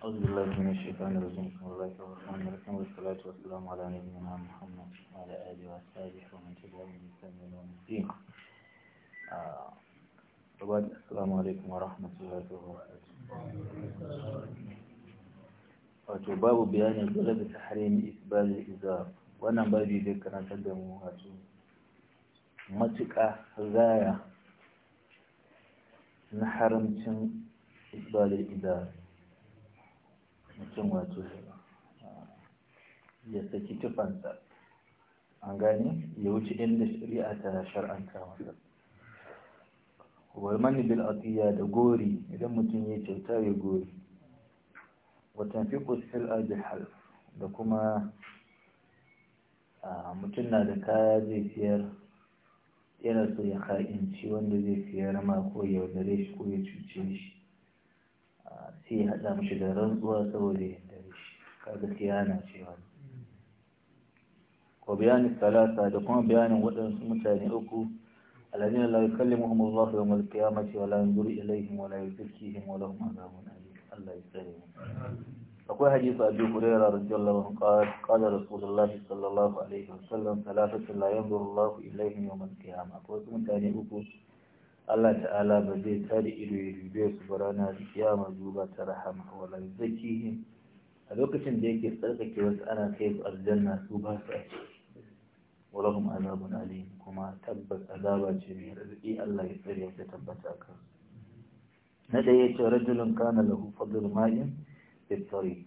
أعوذ بالله من الشيطان الرجيم بسم الله الرحمن الرحيم والصلاة والسلام على نبينا محمد وعلى آله ومن تبعهم بإحسان إلى يوم الدين وبعد السلام عليكم ورحمة الله وبركاته wato babu bayanin da ta harin isbal izar wannan babu zai karantar da mu wato matuƙa zaya na haramcin isbali iza mutum wato ya saki tufansa an gane ya wuce inda shari'a ta shar'anta masa walmani bil atiya da gori idan mutum ya kyauta ya gori watan fi kusur'a da hal da kuma mutum na da kaya zai siyar yana so ya ka'inci wanda zai siyar ma ko yaudare shi ko ya cuce shi sai ya haɗa mashi da rantsuwa saboda ya dare shi kaga sai yana cewa ko bayani talata da kuma bayani waɗansu mutane uku alladina kalli yukallimuhum Allah yawm al-qiyamati wa la yanzuru ilaihin wa la yuzakkihim wa lahum adhabun alim Allah yasari akwai hadisi Abu Hurairah radiyallahu anhu qala qala Rasulullah sallallahu alaihi wa sallam thalathatun la yanzuru ilaihin ilayhim yawm al-qiyamah akwai mutane uku Allah ta'ala ba zai tare ido ya dube su ba ranar kiyama duba ta rahama wala zakihim a lokacin da yake tsarkake wasu ana kai su aljanna su ba su ake ciki walahum azabun alim kuma tabbas azaba ce mai arziki Allah ya tsare ta tabbata kan na da yace rajulun kana lahu fadlul ma'in fi tariq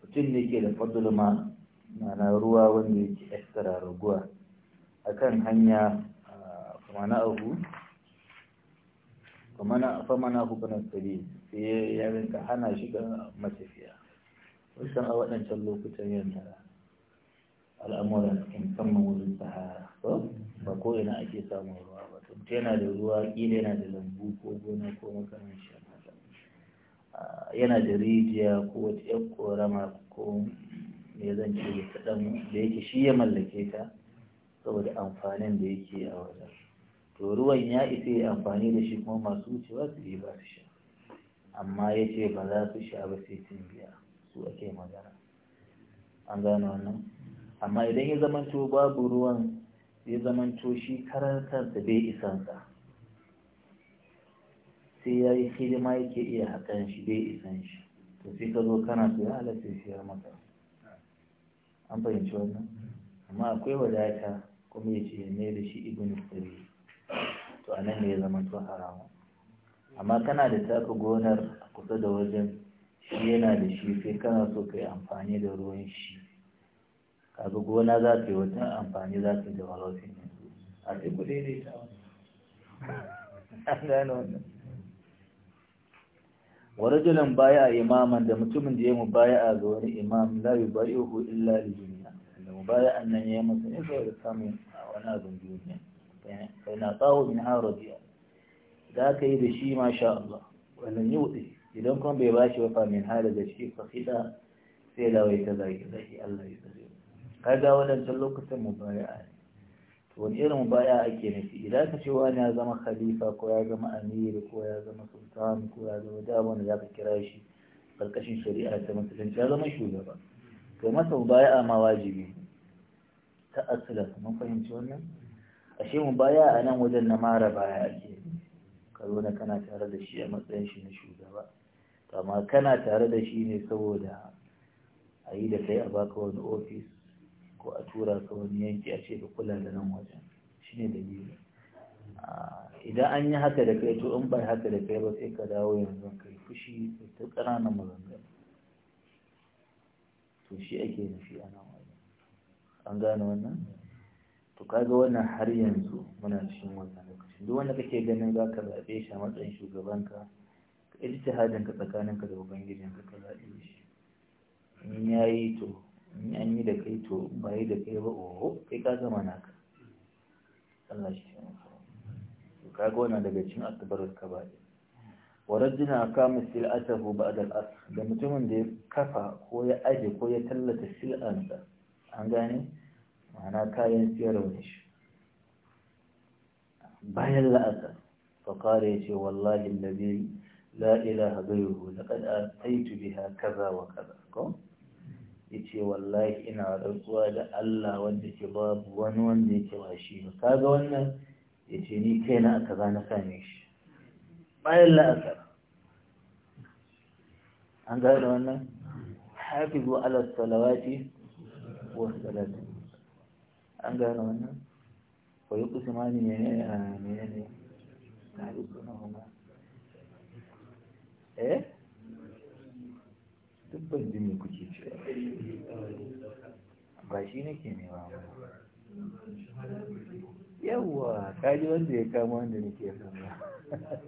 mutum ne ke da fadlul ma ma'ana ruwa wanda yake extra raguwa akan hanya kuma na abu famana hukunan sabi sai ya hana shi ga matafiya wasu a waɗancan lokutan yadda al'amura cikin musamman wurin sahara ba ko ina ake samun ruwa ba tuntu yana da ruwa ƙila yana da lambu ko gona ko makamanci yana da rijiya ko wata korama ko me zan ce da ta ɗan da yake shi ya mallake ta saboda amfanin da yake a wajen to ruwan ya isa ya amfani da shi kuma masu wucewa su ba su sha amma ya ce ba za su sha ba sai sun biya su ake magana an gano wannan amma idan ya zamanto babu ruwan ya zamanto shi karar da bai isansa sai ya yi hidima yake iya hakan shi bai isan shi to sai ka zo kana su ya halatta ya maka an fahimci wannan amma akwai wadata kuma ya ce ne da shi ibn sabi to a nan ne ya zama to haramu amma kana da taka gonar a kusa da wajen shi yana da shi sai kana so ka yi amfani da ruwan shi kaga gona za ta yi wata amfani za ta yi da ne? a sai ne, ta. an gane wannan wa rajulan baya a imaman da mutumin da ya mu baya a ga wani imam la yubayihu illa li dunya da mu baya annan ya masa ne saboda samun wani abin duniya kan atahu min harajiya da ka yi da shi masha Allah wannan yi wuce idan kuma bai ba shi wafa min da shi fasida sai lawai ta zaki zaki Allah ya ka ga wannan tun lokacin mubaya'a ne wani irin mubaya'a ake nufi idan ka ce wani ya zama khalifa ko ya zama amir ko ya zama sultan ko ya zama dama wanda za ka kira shi karkashin shari'a ta musulunci ya zama shugaba to masa mubaya'a ma wajibi ta asila mun fahimci wannan ashe mu baya a nan wajen na mara baya ake ka zo na kana tare da shi a matsayin shi na shugaba amma kana tare da shi ne saboda a yi da kai a baka wani ofis ko a tura ka wani yanki a ce ka kula da nan wajen shi ne biyu idan an yi haka da kai to in bai haka da kai ba sai ka dawo yanzu kai fushi ta ƙananan maganganu to shi ake nufi a nan wajen an gane wannan to kaga wannan har yanzu muna cikin wannan lokacin duk wanda kake ganin za ka zaɓe shi a matsayin shugabanka ka ita hajjin ka tsakaninka da ubangijin ka zaɓe shi in ya yi to in an yi da kai to ba yi da kai ba oho kai ka zama naka Allah shi ya to kaga wannan daga cikin ka kaba'ir warajina kama sil'atahu ba'da al-asr da mutumin da ya kafa ko ya aje ko ya tallata sil'ansa an gane ma'ana kayan siyarwa ne shi bayan la'asar ya ce wallahi nabi la ilaha gairu laqad ataitu biha kaza wa kaza ko ya ce wallahi ina rantsuwa da Allah wanda ke babu wani wanda ke ba shi ba kaga wannan ya ce ni kai na aka za na same shi bayan la'asar an gane wannan hafizu ala salawati wa salatu an gane wannan wa yi kusa ma ne ne a ne na yi suna huma eh dubban ji ne kuke cewa ba shi ke nema ba yawwa kaji wanda ya kama wanda ke sama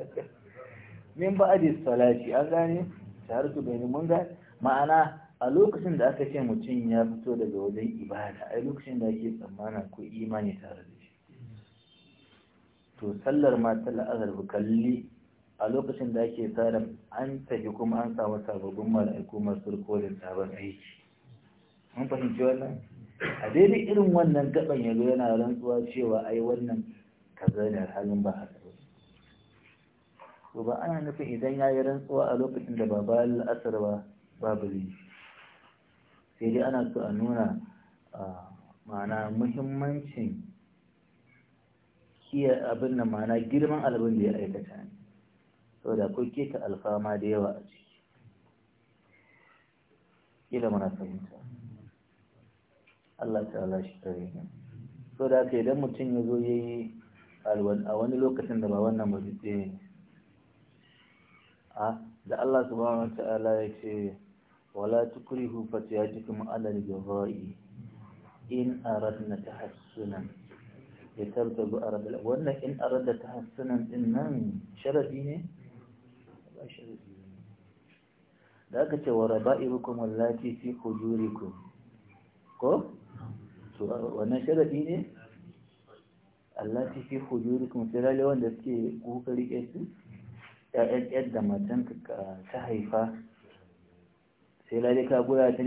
min ba a salati an gane tare su bai mun ga ma'ana a lokacin da aka ce mutum ya fito daga wajen ibada a lokacin da ake tsammanin ko imani tare da shi to sallar ma ta la'azar kalli a lokacin da ake tsarin an tafi kuma an samu sababbin mala'iku masu rikodin sabon aiki an fahimci wannan a daidai irin wannan gaban yanzu yana rantsuwa cewa ai wannan kaza da halin ba haka ba ana nufin idan ya yi rantsuwa a lokacin da ba bayan la'asar ba babu laifi sai dai ana so a nuna ma'ana muhimmancin kiyar abin da ma'ana girman albin da ya aikata ne saboda ko keta alfama da yawa a ciki ƙila mana fahimta Allah ta'ala shi tare ne da ka idan mutum ya zo ya yi a wani lokacin da ba wannan ba zai tsaye ne da Allah subhanahu wa ta'ala ya ce ولا تكره فتياتكم على الجراء إن أردنا تحسنا لترتبوا أرد وأنك إن أردنا تحسنا إنن شرفيني لا شرفيني ذاك وربائبكم واللاتي في حجوركم كو وانا sharaɗi التي في ta ترى لو أنت wanda suke ƙoƙari ƙesu ‘ya'yan da matan ta فصدقه lale رجل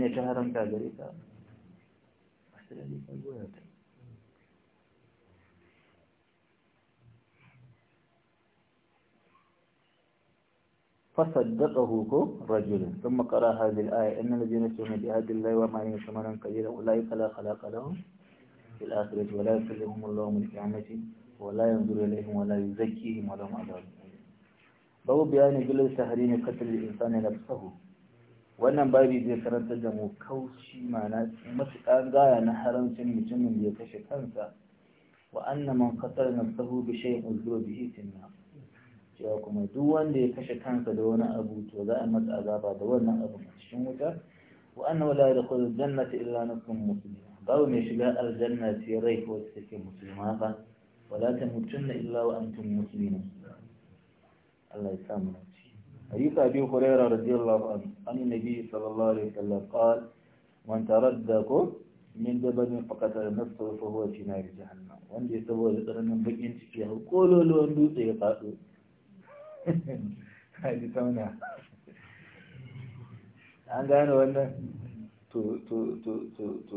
ثم قرأ هذه الآية إن الذين يسرون بهاد الله وما يشمرون كثيرا أولئك لا خلاق لهم في الآخرة ولا يكلمهم الله من القيامة ولا ينظر إليهم ولا يزكيهم ولهم عذاب باب بيان يقول تحريم قتل الإنسان نفسه wannan babi zai karanta da mu kauci ma'ana matuƙan gaya na haramcin mutumin da ya kashe kansa wa anna man na nafsahu bi shay'in uzra bihi tinna cewa kuma duk wanda ya kashe kansa da wani abu to za a masa azaba da wannan abu a cikin wuta wa anna la yadkhulu jannata illa na nafsun muslima babu mai shiga aljanna ta sai rai ko take musulma ba wala na illa wa antum muslimun Allah ya samu حديث أبي هريرة رضي الله عنه عن النبي صلى الله عليه وسلم قال من تردكم من دبن فقط نفسه فهو في نار جهنم وان دي سبو من بقين bakin قولوا har أن dutse ya هذه haji عند أنا وأن تو تو تو تو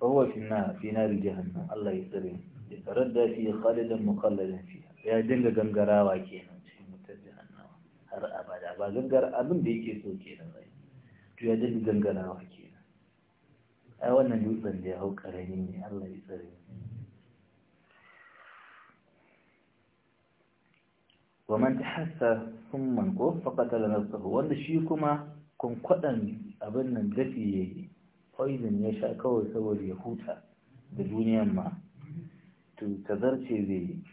فهو في النار في نار جهنم الله يسلم يتردى فيه خالدا مخلدا فيها يا دنگا غنغراوا kenan har abada ba gangar abin da yake so da bai to ya daɗi gangarawa kenan A wannan dutsen da ya hau karami ne Allah ya tsare wa man tahassa summan ko faqatala nafsahu wanda shi kuma kwankwaɗan abin nan dafi yi poison ya sha kawai saboda ya huta da duniyan ma to zarce zai yi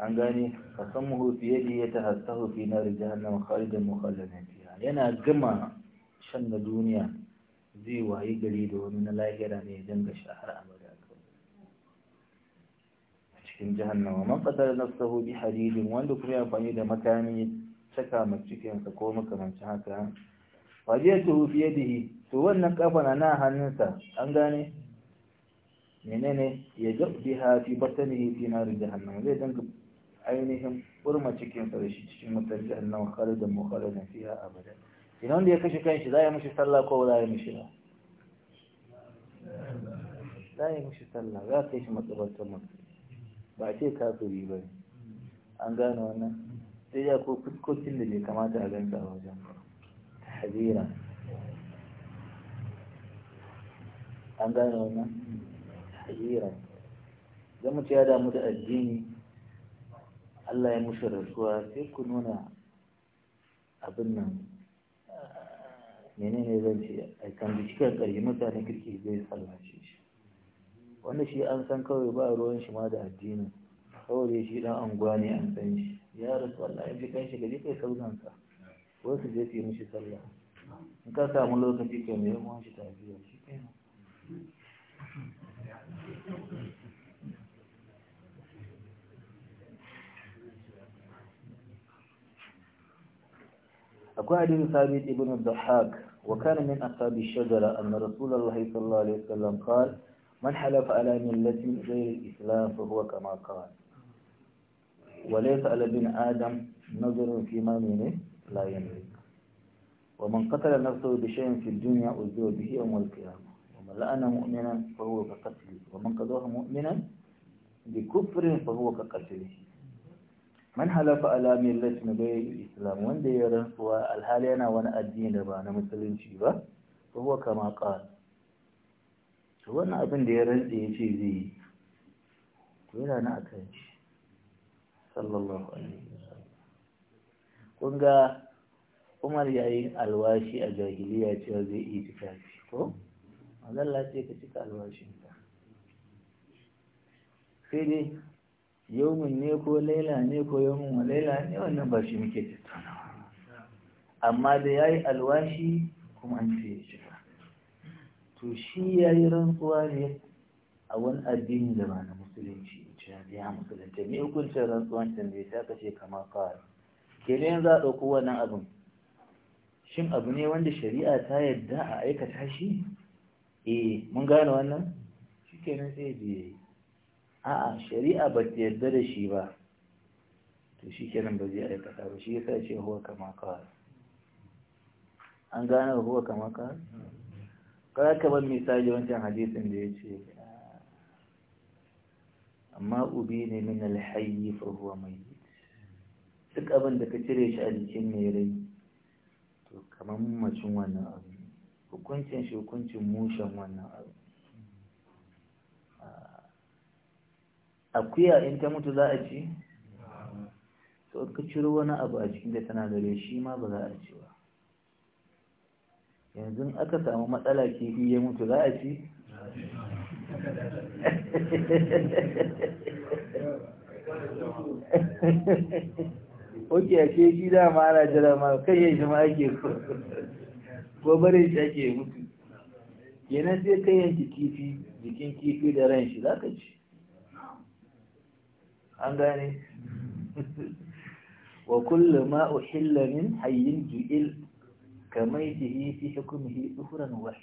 an gane fasammuhu fi yadi ya tahassahu na nar jahannam khalidan mukhalladan fiha yana gama shan na duniya zai wayi gari da wani na lahira ne ya danga shahar abada a cikin wa man qatar nafsahu bi hadidin wanda kuma ya da makami caka saka ma cikinsa ko makamancin haka hufi ya dihi to wannan kafa na nan hannunsa an gane menene ya jabbiha fi batani fi nar jahannam zai danga ainihin burma cikin sa da shi cikin wutar jahannama khalidan mukhalidan fiha abada idan wanda ya kashe kanshi za ya mishi sallah ko za ya mishi ba za ya mishi sallah za ka yi shi matsabartar mutu ba a ce kafiri ba an gane wannan sai ya ko fuskokin da bai kamata a ganta a wajen tahzira an gane wannan tahzira zama ce ya damu da addini Allah ya musu rasuwa sai ku nuna abin nan menene zan ce a kan bishikar ƙarshe mutane kirki zai sallace shi wanda shi an san kawai ba ruwan shi ma da addini kawai shi dan anguwa ne an san shi ya rasu Allah ya ji kan shi gaji kai sauransa wasu zai fi mishi sallah in ka samu lokaci kai mai yawan shi tafiya shi أقول حديث ثابت ابن الضحاك وكان من أصحاب الشجرة أن رسول الله صلى الله عليه وسلم قال من حلف على ملة غير الإسلام فهو كما قال وليس على ابن آدم نظر في منه لا يملك ومن قتل نفسه بشيء في الدنيا أزدوى به يوم القيامة ومن لأن مؤمنا فهو كقتله ومن قضاه مؤمنا بكفر فهو كقتله man halafa ala millat nabiyyil islam wanda ya rantsuwa alhali yana wani addini da ba na musulunci ba fa huwa kama qala to wannan abin da ya rantsa yace zai yi to yana na akan shi sallallahu alaihi wasallam kun ga Umar yayi alwashi a jahiliya cewa zai yi tafi ko Allah ce ka cika alwashin ka sai dai yawmin ne ko laila ne ko yawmin wa laila ne wannan ba shi muke tattaunawa amma da yi alwashi kuma an ce shi to shi yi rantsuwa ne a wani addini da ba na musulunci ce ya musulunci me hukuncin rantsuwan can da ta kashe kamar kawai kenan za a ɗauko wannan abin shin abu ne wanda shari'a ta yadda a aikata shi eh mun gane wannan kenan sai biye a shari'a ba ta yarda da shi ba to shi kenan ba zai aikata ba shi yasa ce huwa kama kawai an gane huwa kama kawai kawai kamar misali wancan hadisin da ya ce amma ubi ne min alhayi fa huwa mai duk abin da ka cire shi a jikin mai rai to kamar mamacin wannan abu hukuncin shi hukuncin mushen wannan abu akuya in ta mutu za a ci to ka ciro wani abu a cikin da tana gare shi ma ba za a ci ba yanzu aka samu matsala kifi ya mutu za a ci oke a ce shi dama ana jira ma kai ya shi ma ake ko barin shi ake mutu yanar sai kai yanki kifi jikin kifi da ran shi za ka ci an gane wa kullu ma uhilla min hayyin ju'il kamaitihi fi hukmihi wa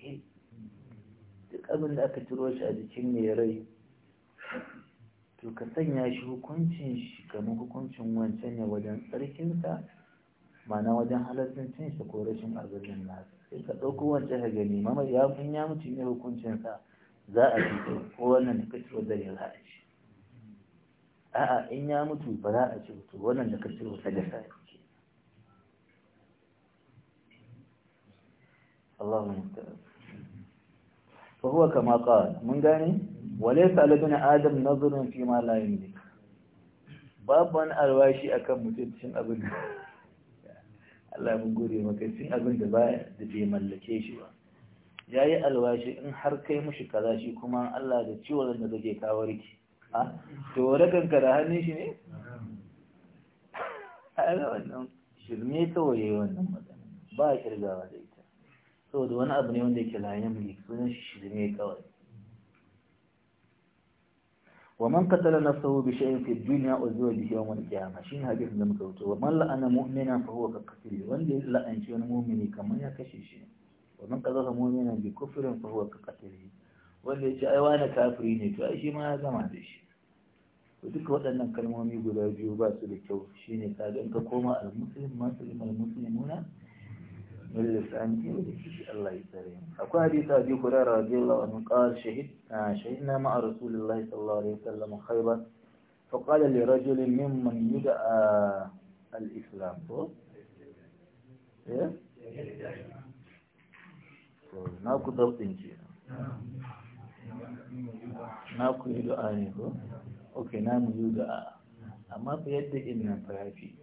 duk abin da aka ciro shi a jikin mai rai to ka sanya shi hukuncin shi kamar hukuncin wancan ne wajen tsarkinsa mana wajen halattun cin shi ko rashin arzikin nasa sai ka ɗauko wancan ka gani mama ya mutu ne hukuncinsa za a ci ko wannan da kaci wanda ya a'a in ya mutu ba za a ce to wannan da ka ce wata gasa ya Allahu musta'an fa huwa kama qala mun gane walaysa alibn adam nazrun fi ma la yamlik babu wani alwashi akan mutuncin abin Allah ya gode maka cin abin da ba da bai mallake shi ba yayi alwashi in har kai mushi kaza shi kuma Allah da ciwon da zai kawo riki to raganka da hannun shi ne? wannan shirme kawai wannan magana ba a kirgawa da ita saboda wani abu ne wanda yake layan mai sunan shirme kawai ومن قتل نفسه بشيء في الدنيا أزوى به يوم القيامة شين حديث لم كوتو ومن لأن مؤمنا فهو كقتله وان لأن شيء مؤمني كما يكشي شيء ومن قتل مؤمنا بكفر فهو كقتله wanda ya ce ai wani kafiri ne to shi ma ya zama da shi duka waɗannan kalmomi guda biyu ba su da kyau shine ka ga ka koma al-muslim muslim al-muslimuna من لسان الله يسلم أكو حديث أبي هريرة رضي الله عنه قال شهد شهدنا مع رسول الله صلى الله عليه وسلم خيبر فقال لرجل ممن يدعى الإسلام ناكو ضبط إن شاء الله na ku yi du'a ne ko ok na mu yi du'a amma ku yadda in nan farafi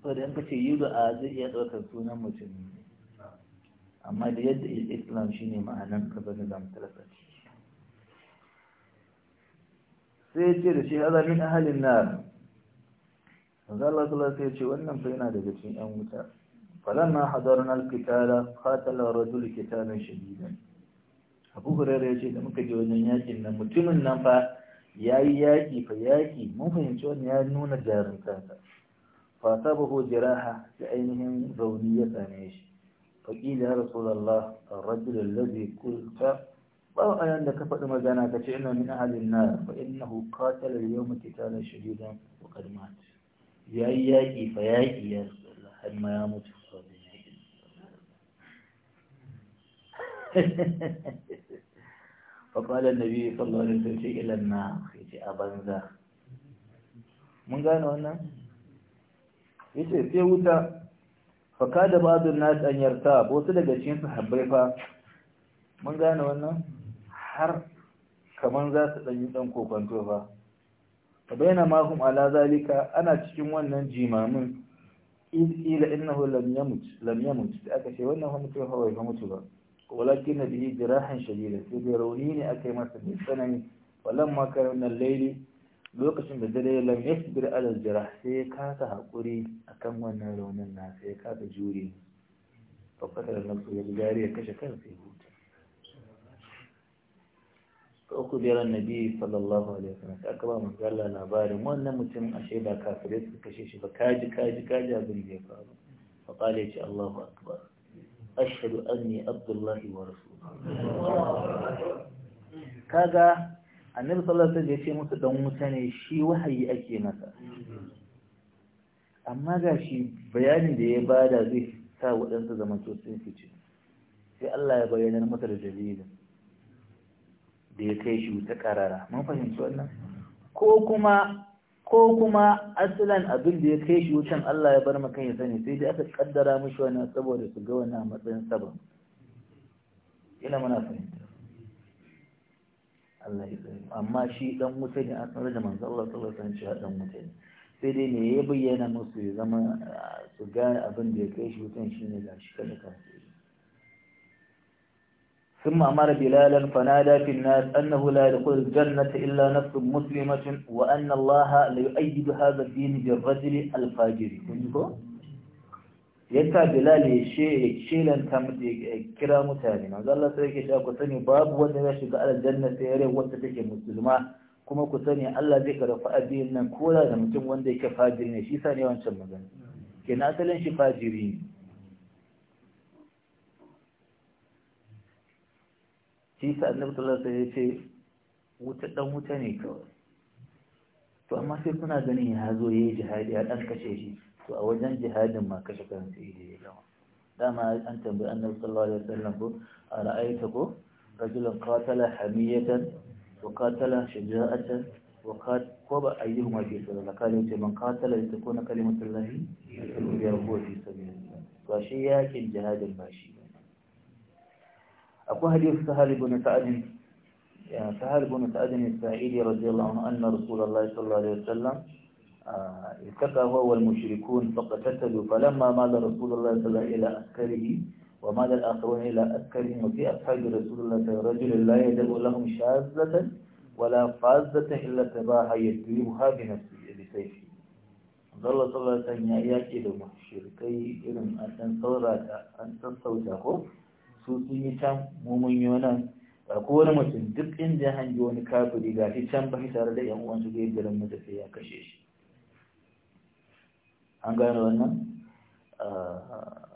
so da yanka ce yi du'a zai iya ɗaukar sunan mutum amma da yadda islam shine ma'anan ka bane zamu talasa sai ya ce da shi haza min ahalin na manzo Allah sallallahu sai ce wannan fa yana daga cikin yan wuta na hadarna alqitala qatala rajul qitalan shadidan abu hurairu ya ce da muka ji wajen yakin nan mutumin nan fa ya yi yaƙi fa yaƙi mun fahimci wani ya nuna jarumtansa fata ko jiraha da ainihin rauni ya same shi faƙila ya rasu lallah a rajulun kulta ba a yan da ka faɗi magana ka ce ina min ahalin na fa ina hukatar yau mutu tare shahidan wa kalmat ya yi yaƙi fa yaƙi ya rasu har ma ya mutu a wajen yaƙin faƙwada da biyu faɗwarin sun ce ilan na haiti a banza mun gane wannan? ya ce sai wuta Faka da ba zuwa na tsanyar ta wasu daga cin su fa mun gane wannan har kamar za su ɗanyi ɗan kokonto fa abai na mahum alazalika ana cikin wannan jimamin ila inna hulamiyamuci da aka ce wannan hamutu haifamutu ba walakin na biyi jirahan shadida sai dai rauni ne aka yi masa mai tsanani walan makarantar nan lokacin da dare lam yasbir ala jirah sai ya kasa hakuri akan wannan raunin na sai ya kasa jure fafatar na su ya ya kashe kansa ya huta uku biyar annabi sallallahu alaihi wasallam sai aka ba manzo Allah labarin wannan mutum a shaida kafirai suka kashe shi ba kaji kaji kaji abin da ya faru fa qala ya ce Allahu akbar ashhadu anni abdullahi wa rasuluhu kaga annabi sallallahu alaihi wasallam ya ce musu dan wuta ne shi wahayi ake masa amma ga shi bayanin da ya bada zai sa waɗansu zamanto sun fice sai Allah ya bayyana masa da dalilin da ya kai shi wuta karara mun fahimci wannan ko kuma ko kuma asalan abin da ya kai shi wucin Allah ya bar maka ya sani sai dai aka kaddara mishi wannan saboda su ga wannan matsayin sabon ina muna fahimta Allah ya sani amma shi dan mutane ne an sanar da manzo Allah sallallahu alaihi wasallam dan mutane ne sai dai ne ya bayyana musu ya zama su ga abin da ya kai shi wutan shine da shi kanka sai ثم أمر بلالا فنادى في الناس أنه لا يدخل الجنة إلا نفس مسلمة وأن الله ليؤيد هذا الدين بالرجل الفاجر yadda bilal ya shelanta kira mutane na zalla sai ke sha ku sani babu wanda ya shiga aljanna sai ya rai wanda take musulma kuma ku sani Allah zai karfa addinin nan koda da mutum wanda yake fajiri ne shi sa ne wancan magana kenan asalin shi fajiri ne shi sa annabi sallallahu alaihi ya ce wuta dan wuta ne kawai to amma sai kuna ganin ya zo yayi jihadi a dan kashe shi to a wajen jihadin ma kashe kan kansa da ya gama dama an tambayi annabi sallallahu alaihi wasallam ko ara'aita ko rajulan qatala hamiyatan wa qatala shaja'atan wa qat ko ba ayyuhuma fi sabilillah kale ce man qatala litakuna kalimatullahi ya rabu fi sabilillah to shi yakin jihadin ba shi أكو هل سهل بن سعد يعني سهل بن سعد الساعدي رضي الله عنه أن رسول الله صلى الله عليه وسلم آه، التقى هو والمشركون فقتتلوا فلما مال رسول الله صلى الله عليه وسلم إلى أسكره ومال الآخرون إلى أسكرهم وفي أصحاب رسول الله صلى الله عليه وسلم رجل لا يدعو لهم شاذة ولا فازة إلا تباها يدربها بنفسه بسيفه ظل صلى الله عليه وسلم يأكل da mushrikai أن an أن an su sun yi can mumun yi ko kowane mutum duk inda ya hangi wani kafiri ga shi can ba tare da yan uwansu zai garin mata sai ya kashe shi an gane wannan ah,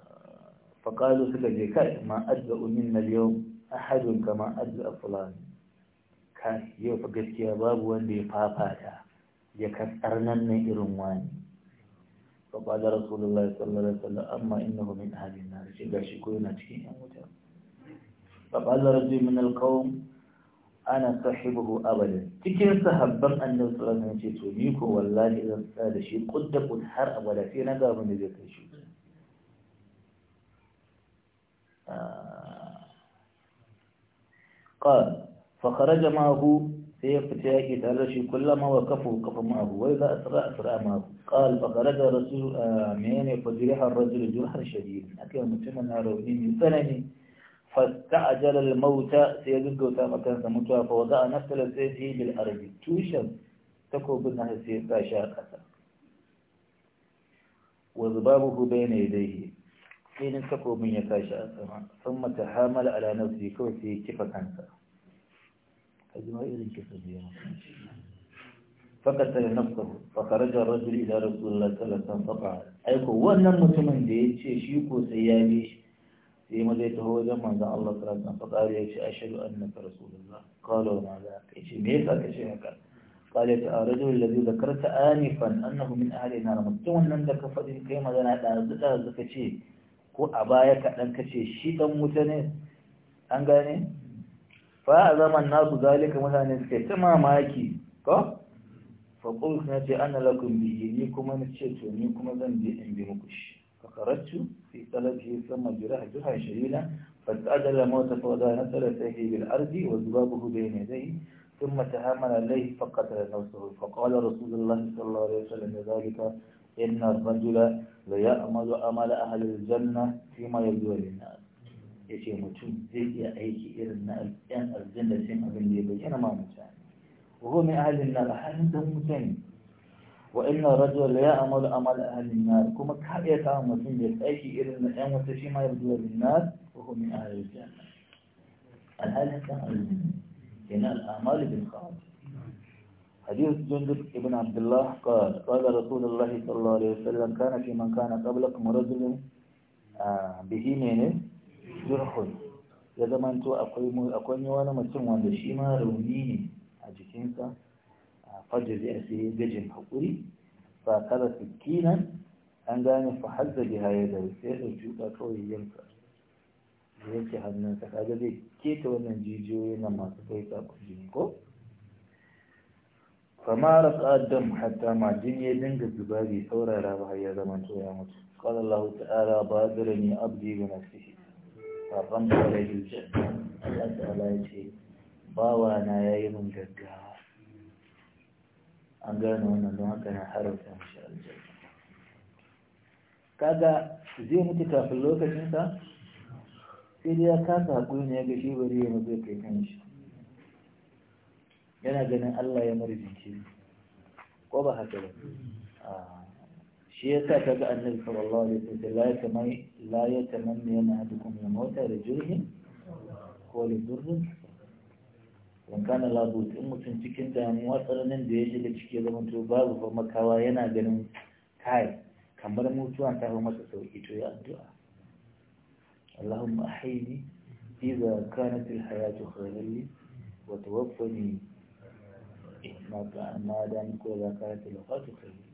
faƙalu suka je kai ma adda umin na yau ahadun kama adda fulan kai yau fa gaskiya babu wanda ya fafata ya kasar nan na irin wani فقال رسول الله صلى الله عليه وسلم أما إنه من أهل النار شكا شكوين أتكين فقال رجل من القوم أنا صاحبه أبدا تكين صحبا أن صلى الله عليه وسلم تونيك والله إذا هذا شيء قد قد حر أبدا في نظر من ذلك الشيء آه. قال فخرج معه سيف سيفتاكي تلاشي كلما وقفوا وقفوا معه وإذا أسرى أسرى معه قال فخرج رسول آمين آه، فجرح الرجل جرحا جرح شديد أكيد مجمع الناروين يسلني فاستعجل الموتى سيجد قوتا مكان سموتا فوضع نفس لسيته بالأرض توشا تكو بنها سيبا شاقة وضبابه بين يديه سين تكو بين يكاشا ثم تحامل على نفسه كوتي كيف كانت أجمع إذن كتب يوم فقتل نفسه فخرج الرجل إلى رسول الله صلى الله عليه وسلم فقال أيكو وأنا متمن دي شيكو سيابي sai ma zai taho wajen manzan Allah sarrafa faƙari ya ce ashiru an naka rasulullah kalo ma za ka ce me yasa ka ce haka kale ta a rajul lazi da karta anifan annahu min ahli nar mutum wannan da ka faɗi kai magana ce ko a baya kaɗan ka ce shi ɗan wuta ne an gane فأعظم الناس ذلك مثلا نسكي تما ماكي فقلت نتي أنا لكم به يكما نتشت ونكما ذنبي إن بمكش فخرجت في ثلاثة ثم جراح جرحا شريلا فاتأدل موت فوضا نسل سيحي بالأرض وزبابه بين يديه ثم تهامل عليه فقتل نفسه فقال رسول الله صلى الله عليه وسلم ذلك إن الرجل ليأمل أمل أهل الجنة فيما يبدو للناس ya ce mutum zai iya aiki irin na yan aljanna cin abin da ya bayyana ma mutane wa huwa min ahlin nar halin dan mutane wa inna rajul ya amalu amal ahlin nar kuma ka iya samun mutum da aiki irin na yan wata shi ma ya zuwa bin nar wa huwa min ahlin janna alhalin dan aljanna yana al'amal bil khawas حديث جندب ابن عبد الله قال قال رسول الله صلى الله عليه وسلم كان في من كان قبلكم رجل به منه jirhun ya zamanto akwai akwai wani mutum wanda shi ma rauni ne a jikinsa a fajazi a sai gajin haƙuri fa kala sikinan an gane fa hazza biha ya da sai ya ɗauki ka kawai yanka da yanke hannunsa kaga zai keta wannan jijiyoyi na masu kai sabon jini ko فما رقى الدم حتى ما الدنيا دنجت ببابي ثورة رابها يا زمن يا مت قال الله تعالى بادرني أبدي بنفسه babban kawai yake Allah ta'ala ya ce bawa na ya yi mun gaggawa an gane wannan don haka na harauta mashi aljanna kaga zai mutu kafin lokacinsa sai dai ya kasa haƙuri ne ya ga shi bari ya mazo kai kan shi yana ganin Allah ya marzince ko ba haka ba ah. shi ya sa ta ga annabi sallallahu alaihi wasallam la yatamai la yatamanna yana hadukum ya mota da jirgin ko da durrin wa kana la in mutum cikin damuwa tsananin da ya shiga ciki zaman to babu farmakawa yana ganin kai kamar mutuwa ta fa masa sauki to ya addu'a اللهم أحيني إذا كانت الحياة خيرا لي وتوفني ما دام كل ذاكرة الوقت خيرا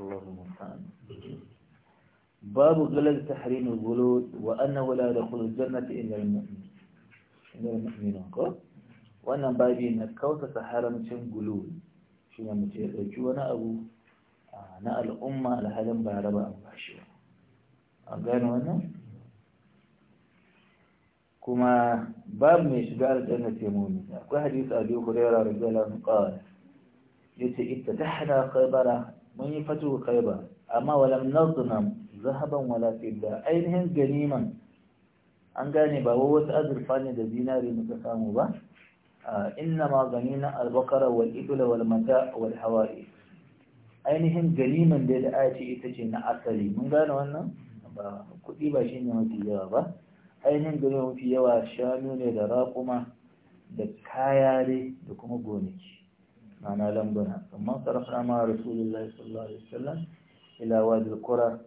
اللهم المستعان باب غلظ تحريم الغلول وأنه لا يدخل الجنة إلا المؤمن إلا المؤمنون wannan babi na kautata haramcin gulu shi ne mace ya ɗauki wani abu na al'umma alhalin ba raba an bashi an gane wannan kuma babu mai shiga aljanna ce muni akwai hadisi abu hurairah radiyallahu anhu qala yace ittahna mun yi fatu ba, amma walam nazunan zahaban wala fidda ainihin ganiman an gane ba wa wasu azurfa ne da zinari muka samu ba inna ma ganina albakara wal ibla wal mata wal hawari ainihin ganiman da da ce ita ce na asali mun gane wannan ba kuɗi ba shine mafi yawa ba ainihin ganiman mafi yawa shanu ne da raƙuma da kayare da kuma gonaki ma'ana lambuna amma sarrafa ma rasulullahi sallallahu alaihi wasallam ila wajil qura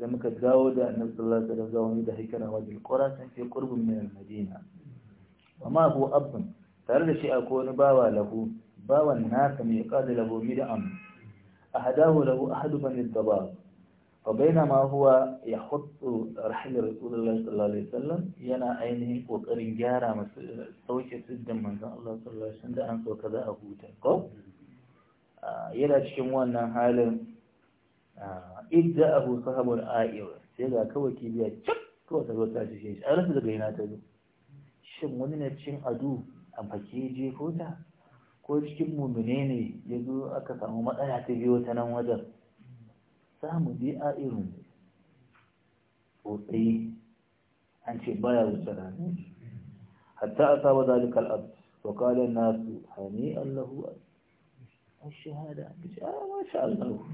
sai muka dawo da annabi a alaihi wasallam zawo da hikara wajil qura fi qurbin madina amma abu abban tare da shi a wani bawa lahu bawan nasa mai qala lahu mid'am ahadahu lahu ahadu bani ba. Fabaina mahuwa huwa ya hutu rahimar sallallahu alaihi wa sallam yana ainihin kokarin gyara masu sauke tsiddan manzan Allah sallallahu alaihi da an sauka za a Yana cikin wannan halin idda a hutu hamur a'iwa sai ga kawai kibiya cik kawai ta zota shi a rasu daga yana ta zo. Shin wani na cikin adu a fake je ko Ko cikin mumine ne ya zo aka samu matsala ta biyo ta nan wajen? samu a irin tsotsaye an ce baya da tsanani. hatta a saba zalikar abu to kala nasu hani allahu a shahada a ce a ah, masha allahu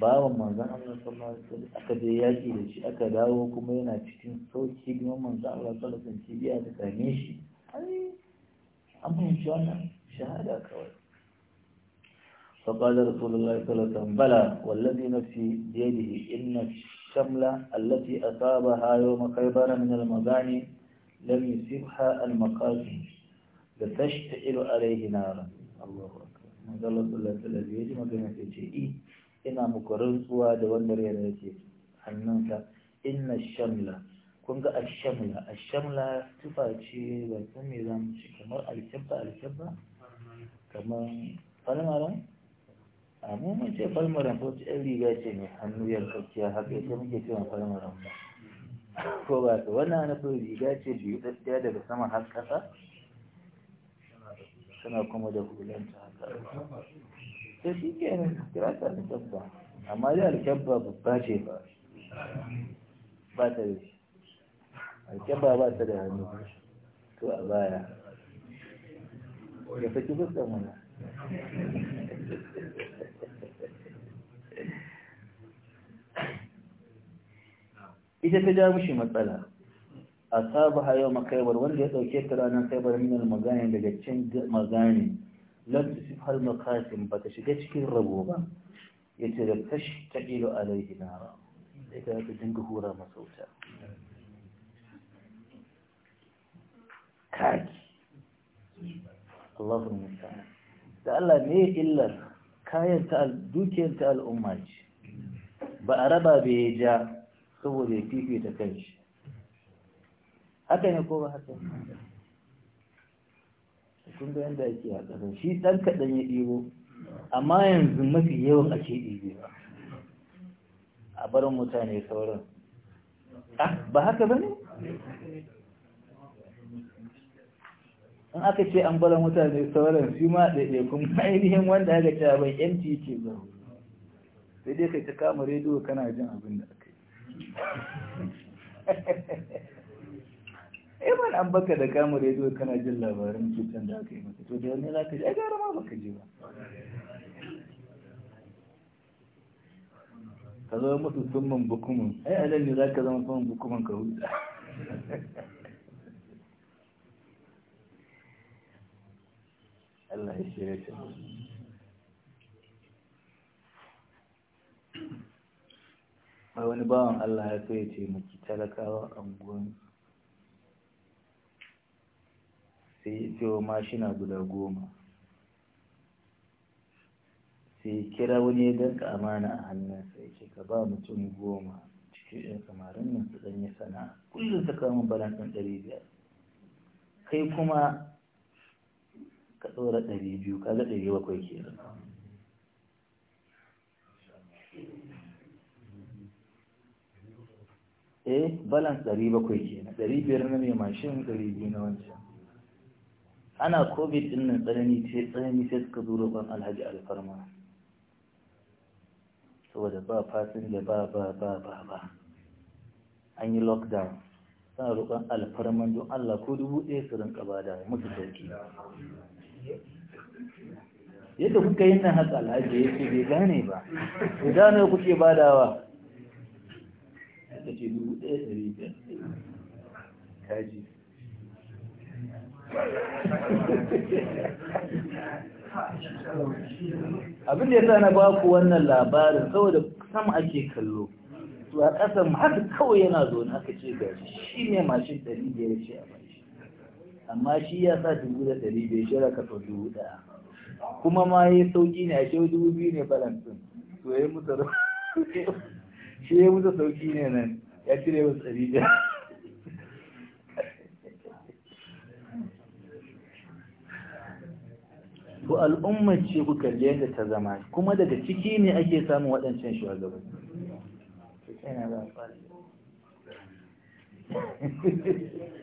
bawan manzan allah sallallahu alaihi wasallam aka je yaƙi da shi aka dawo kuma yana cikin sauki kuma manzan allah sallallahu alaihi wasallam biya ta same shi an fahimci wannan shahada kawai فقال رسول الله صلى الله عليه وسلم بلى والذي نفسي بيده إن الشملة التي أصابها يوم خيبر من المباني لم يصبها المقاسم لتشتعل عليه نارا الله أكبر من الله صلى الله عليه وسلم يجي مدينة تجيئي إنا مكرر سوى دوان دريان يجي حنانك إن الشملة كنت الشملة الشملة تفاجي وكم يزام شكمر الكبة الكبة كمان فلما رأي amma mun ce falmaran fa wacce yan riga ce mai hannu kakkiya haka ita muke cewa falmaran ba. ko ba ta wannan so riga ce biyu ɗaya daga sama har ƙasa suna kuma da ta haka Ta shi ke nan kira ta tabba amma dai alkyabba babba ce ba ba ta da shi alkyabba ba ta da hannu to a baya ya saki fuskar mana ita ta ja mushi matsala asabaha yau makaibar wanda ya dauke ta ranar kaibar min magani daga can magani lam har hal ba bata shiga cikin rabo ba ce da tashi ta ilo alaihi nara sai ta ta dinga hura masauta kaki Allahu da Allah ne illar kayan ta dukiyar ta al'umma ce ba a raba bai ya ja saboda ya kan shi, haka ne ko ba haka kun ga yadda ake a ƙasar shi ɗan kaɗan ya ɗibo amma yanzu mafi yawan ake ba. a barin mutane sauran ah, ba haka ba ne in aka ce an bala mutane sauran su ma da kuma ainihin wanda aka ce abin yanci ce ba sai dai kai ta kama rediyo kana jin abin da aka yi iman eh, an baka da kama rediyo kana jin labarin cutar da aka yi maka to da wani za ka ji a gara ma baka ji ba ka zama musu sun bukumin ai a ne za ka zama sun bukumin ka huta Allah ya shirya shi. a wani bawan Allah ya so ya ce maki talakawa a anguwan sai ya ce wa mashina guda goma sai kira wani ya danka amana a hannunsa ya ce ka ba mutum goma cikin yan samarin nan su ɗanyi sana'a kullum ta kama balan ɗan ɗari biyar kai kuma ka ɗora ɗari biyu ga ɗari bakwai ke kenan eh balance ɗari bakwai kenan ɗari biyar na mai mashin ɗari biyu na wancan ana covid ɗin nan tsanani sai tsanani sai suka zo roƙon alhaji alfarma saboda ba fasin da ba ba ba ba ba an yi lockdown suna roƙon alfarman don allah ko dubu ɗaya su rinka da musu sauki yadda kuka yi nan haka alhaji ya ce bai gane ba guda ne kuke badawa ta ce dubu ɗaya ɗari biyar kaji abin da ya sa na ba ku wannan labarin saboda sam ake kallo to a ƙasan haka kawai yana zo na aka ce gashi shi ne mashin ɗari biyar ce a amma shi ya sa dubu da ɗari bai shara ka sau dubu ɗaya kuma ma ya sauki ne a shi dubu biyu ne balance ɗin to ya musa shi ya musa sauki ne nan ya cire wasu ɗari da to al'ummar ce ku kalli yadda ta zama kuma daga ciki ne ake samun waɗancan shugabanni Thank you.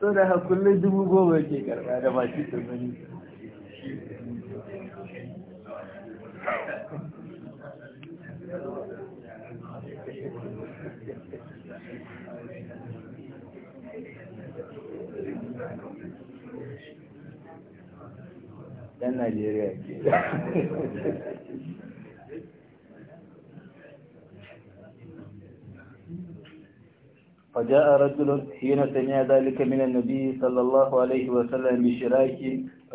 so da hakullai dubu goma yake karba da baki tsammani ɗan Najeriya ke فجاء رجل حين سمع ذلك من النبي صلى الله عليه وسلم بشراك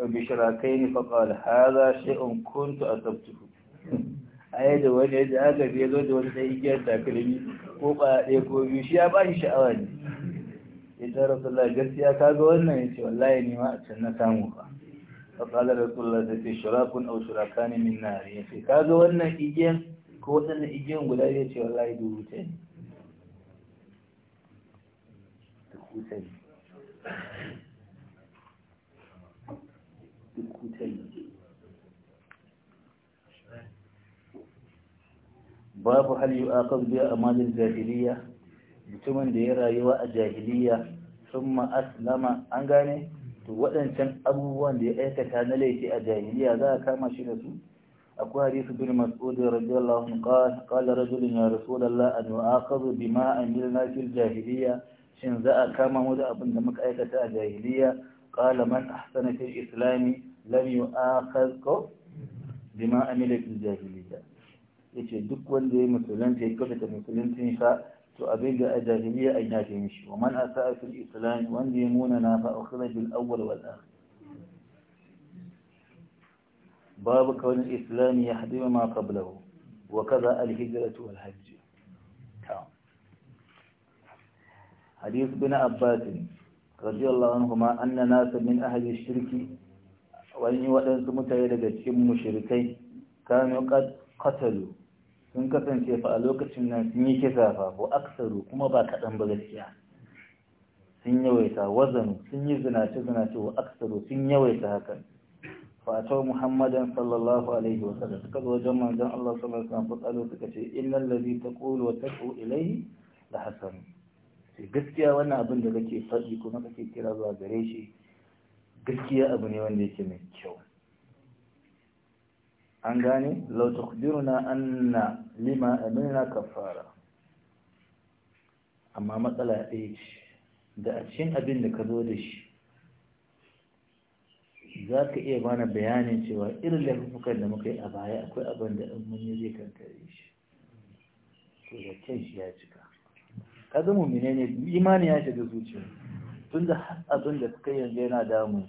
بشراكين فقال هذا شيء كنت أصبته ai da wani yadda aka fiye zo da wani ɗan igiyar takalmi ko ɗaya ko biyu shi ya bashi sha'awa ne ita rasulullah gaskiya kaga wannan ya ce wallahi ne ma a can samu ba fa qala rasulullah ta ce shurakun aw shurakani min nar ya ce kaga wannan igiyan ko wannan igiyan guda ya ce wallahi dubu ta kutai duk kutai babu hal yi akar biya a malin jahiliya mutumin da ya rayuwa a jahiliya sun ma'aslama an gane to waɗancan abubuwan da ya aikata na laifi a jahiliya za a kama shi da su akwai hadisu bin mas'ud radiyallahu anhu qala qala rajulun ya rasulullah an yu'aqabu bima amilna fil jahiliya shin za a kama mu da abin da muka aikata a jahiliya qala man ahsana fil islam lam ko bima amila fil jahiliya yace duk wanda ya musulunta ya kafa musuluntin sa to abin da a jahiliya an yafe mishi wa man asaa fil islam wanda ya muna na fa akhra bil awwal wal akhir babu kawai islami ya haɗu ma qablahu wa kaza al hijratu wal hajj حديث بن عباس رضي الله عنهما أن ناس من أهل الشرك وإن وأنس متعلقة كم مشركين كانوا قد قتلوا sun kasance fa a lokacin nan sun yi kisa fa ko aksaru kuma ba kaɗan ba gaskiya sun yawaita wazanu sun yi zinace zinace wa aksaru sun yawaita hakan fatau muhammadan sallallahu alaihi wasallam suka zo wajen manzon Allah sallallahu alaihi wasallam suka ce innal ta taqulu wa tad'u ilai da hasan sai gaskiya wannan abin da kake faɗi kuma kake kira zuwa gare shi gaskiya abu ne wanda yake mai kyau an gane law tukhbiruna anna lima amilna kafara amma matsala ɗaya ce da a cikin abin da ka zo da shi za ka iya bana bayanin cewa irin laifukan da muka yi a baya akwai abin da in mun yi zai kankare shi to da kyan shi ya cika kaga mu ne imani ya shiga zuciya tunda abin da suka yanzu yana damu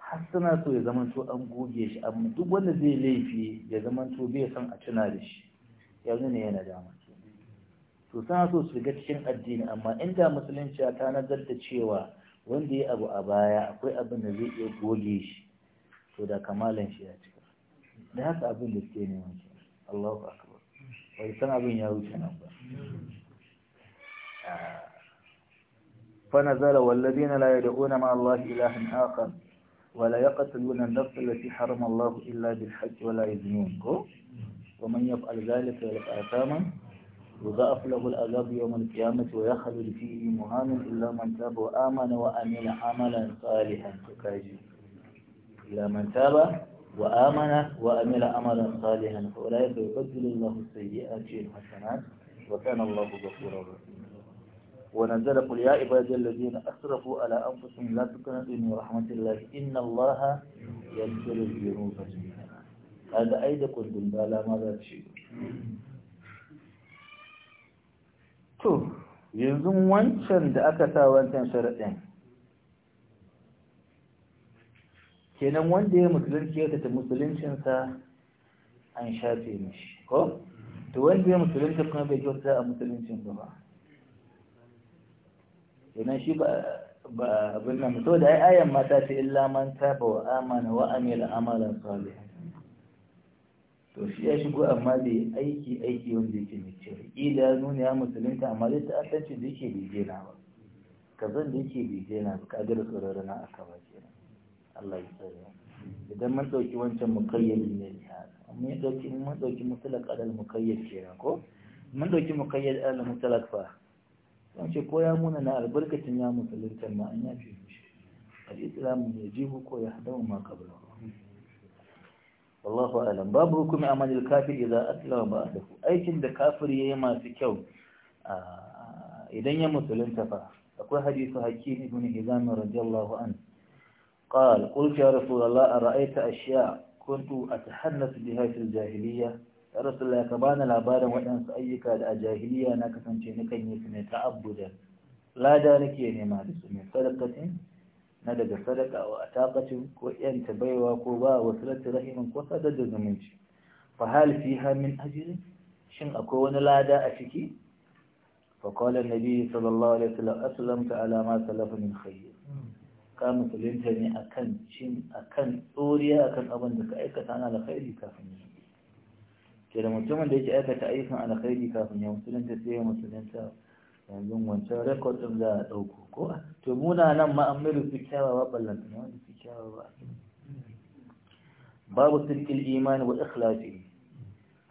har suna so ya zama to an goge shi amma duk wanda zai laifi ya zama to bai san a tuna da shi yanzu ne yana damu to suna so su shiga cikin addini amma inda musulunci ta nazar da cewa wanda ya abu a baya akwai abin da zai iya goge shi to da kamalan shi ya cika da haka abin da suke neman shi Allahu akbar wai san abin ya wuce nan ba فنزل والذين لا يدعون مع الله إلها آخر ولا يقتلون النفس التي حرم الله إلا بالحج ولا يزنون ومن يفعل ذلك يلقى أثاما يضاعف له العذاب يوم القيامة ويخلد فيه مهانا إلا من تاب وآمن وأمن عملا صالحا إلا من تاب وآمن وأمن عملا صالحا فأولئك يبدل الله السيئات الحسنات وكان الله غفورا رحيما ونزل قل يا عبادي الذين أسرفوا على أنفسهم لا تقنطوا من رحمة الله إن الله يغفر الذنوب جميعا هذا أيضا كنت بالا ماذا تشيء to yanzu wancan da aka sa wancan sharaɗin kenan wanda ya musulunci ya tata musuluncinsa an shafe mishi ko to wanda ya musulunci kuma bai kyauta a musuluncin ba domin shi ba abin nan to da ayan mata ce illa man taba wa amana wa amila amalan salih to shi ya shigo amma bai aiki aiki wanda yake mai kyau ida nuna ya musulunta amma dai ta asalci da yake bai jena ba zan da yake bai jena ba kadir tsoron na aka ba Allah ya tsare idan mun dauki wancan mukayyadin ne amma ya dauki mun dauki mutlaq adal mukayyad kenan ko mun dauki mukayyad adal mutlaq fa ya ce ko ya muna na albarkacin ya musulunta ma an yafe mishi ya ji ko ya hadamu ma kabila wallahu alam babu hukumi manil kafir idan aslama ba dafu aikin da kafir yayi masu kyau idan ya musulunta fa akwai hadisu hakim ibn hizam radiyallahu an قال qul ya rasulullah ara'aita ashiya kuntu atahannasu biha fil jahiliyyah ya ka bani labarin waɗansu ayyuka da a jahiliya na kasance nakan yi su ne ta'abbudan lada nake nema da su ne sadaqatin na daga sadaka a ataqatin ko yanta baiwa ko ba wasilatu rahimin ko sadar da zumunci fa hal ha min ajrin shin akwai wani lada a ciki fa qala an-nabi sallallahu alaihi wasallam aslamtu ala ma salafa min khayr ka musulunta ne akan cin akan tsoriya akan abin da ka aikata na alkhairi kafin yi ke da mutumin da yake aikata ayyukan alkhairi kafin ya musulunta sai ya musulunta yanzu wancan rekod ɗin za a ɗauko ko to muna nan ma an mai rufi kyawawa ballanta na wanda su kyawawa babu sirkin imani wa ikhlasi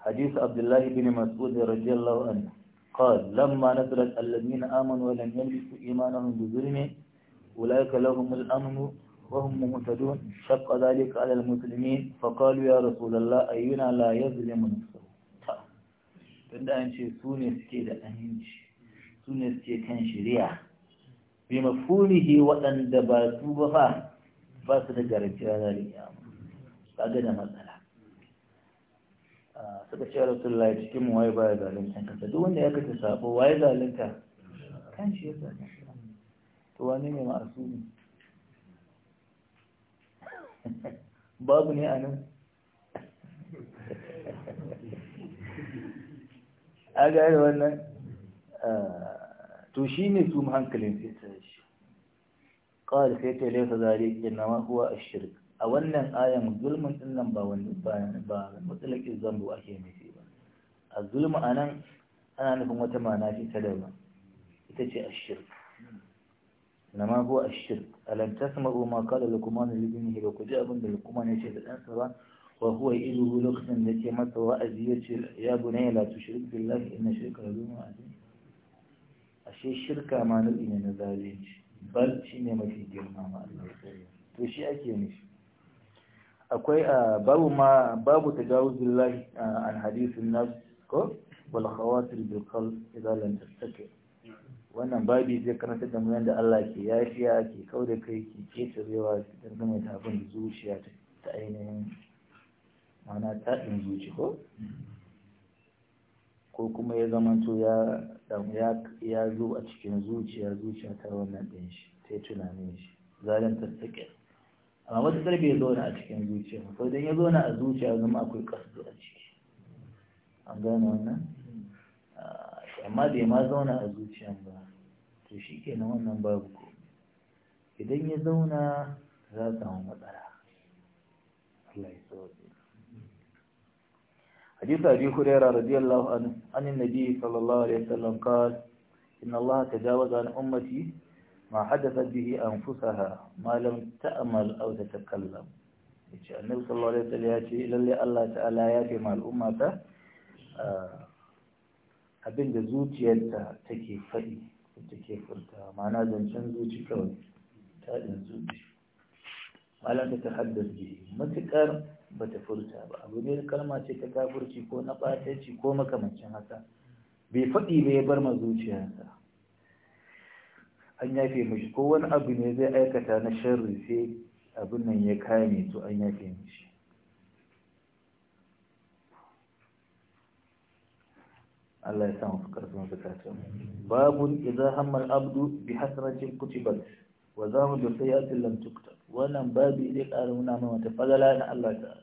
حديث عبد الله بن مسعود رضي الله عنه قال لما نزلت الذين آمنوا ولم يلبسوا إيمانهم بظلم أولئك لهم الأمن وهم مهتدون شق ذلك على المسلمين فقالوا يا رسول الله أينا لا يظلم tunda an ce su ne suke da aminci su ne suke kan shirya bi mafulihi waɗanda ba su ba fa ba su da garanti ranar kiyama kaga da matsala suka ce lai cikin mu waye baya zalunta kasa duk wanda ya kace sabo waye zalunta kan shi ya zalunta to wani ne ma'asumi babu ne a nan a gane wannan ah, to shi ne su hankalin sai ta shi kawai sai ta laisa zare inna mahuwa a shirk a wannan ayan zulmin din nan ba wani ba matsalakin zambo ake nufi ba a zulmi nan ana nufin wata ma'ana fi ta daban ita ce a ashirk nama a ashirk alam tasma'u ma qala luqman li ibnihi ba ku ji abin da luqman ya ce da ɗansa ba wa huwa izuhu lokacin da ke masa wa'azi ya ce ya bunai la tushrik billahi inna shirka la zulmun ashe shirka ma nau'i ne na zalunci bal shine mafi girma ma Allah to shi ake nufi akwai babu ma babu tajawuzin lahi an hadisin nas ko wal khawatir bil qalb idan lam tastaqi wannan babi zai karanta da mu Allah ke yafiya ke da kai ke ketarewa dangane da abin zuciya ta ainihin mana ta zuci ko ko kuma ya zamanto ya ya zo a cikin zuciya zuciya ta wannan ɗin shi sai tunanin shi zalin tattaƙe amma matuƙar ya zauna a cikin zuciya ko idan ya zauna a zuciya zama akwai kasu a ciki an gane wannan ah, amma bai ma zauna a zuciya ba to shi ke na wannan babu ko idan ya zauna za samu matsala Allah ya sauke حديث أبي هريرة رضي الله عنه عن النبي صلى الله عليه وسلم قال إن الله تجاوز عن أمتي ما حدثت به أنفسها ما لم تأمل أو تتكلم النبي صلى الله عليه وسلم يأتي للي الله تعالى يأتي مع الأمة abin da zuciyarta take faɗi take furta ma'ana zancen zuci kawai taɗin zuci malam ta haddasa matuƙar ba ta furta ba abu ne kalma ce ta kafurci ko na ɓatanci ko makamancin haka bai faɗi ba ya bar ma zuciyarsa an yafe mashi ko wani abu ne zai aikata na sharri sai abin nan ya kame to an yafe mashi Allah ya samu karfin zakatun babun idza hammal abdu bi hasratin kutibat wa zamu da sayyatin lam tuktab wannan babi zai ƙara nuna mana wata fadala na Allah ta'ala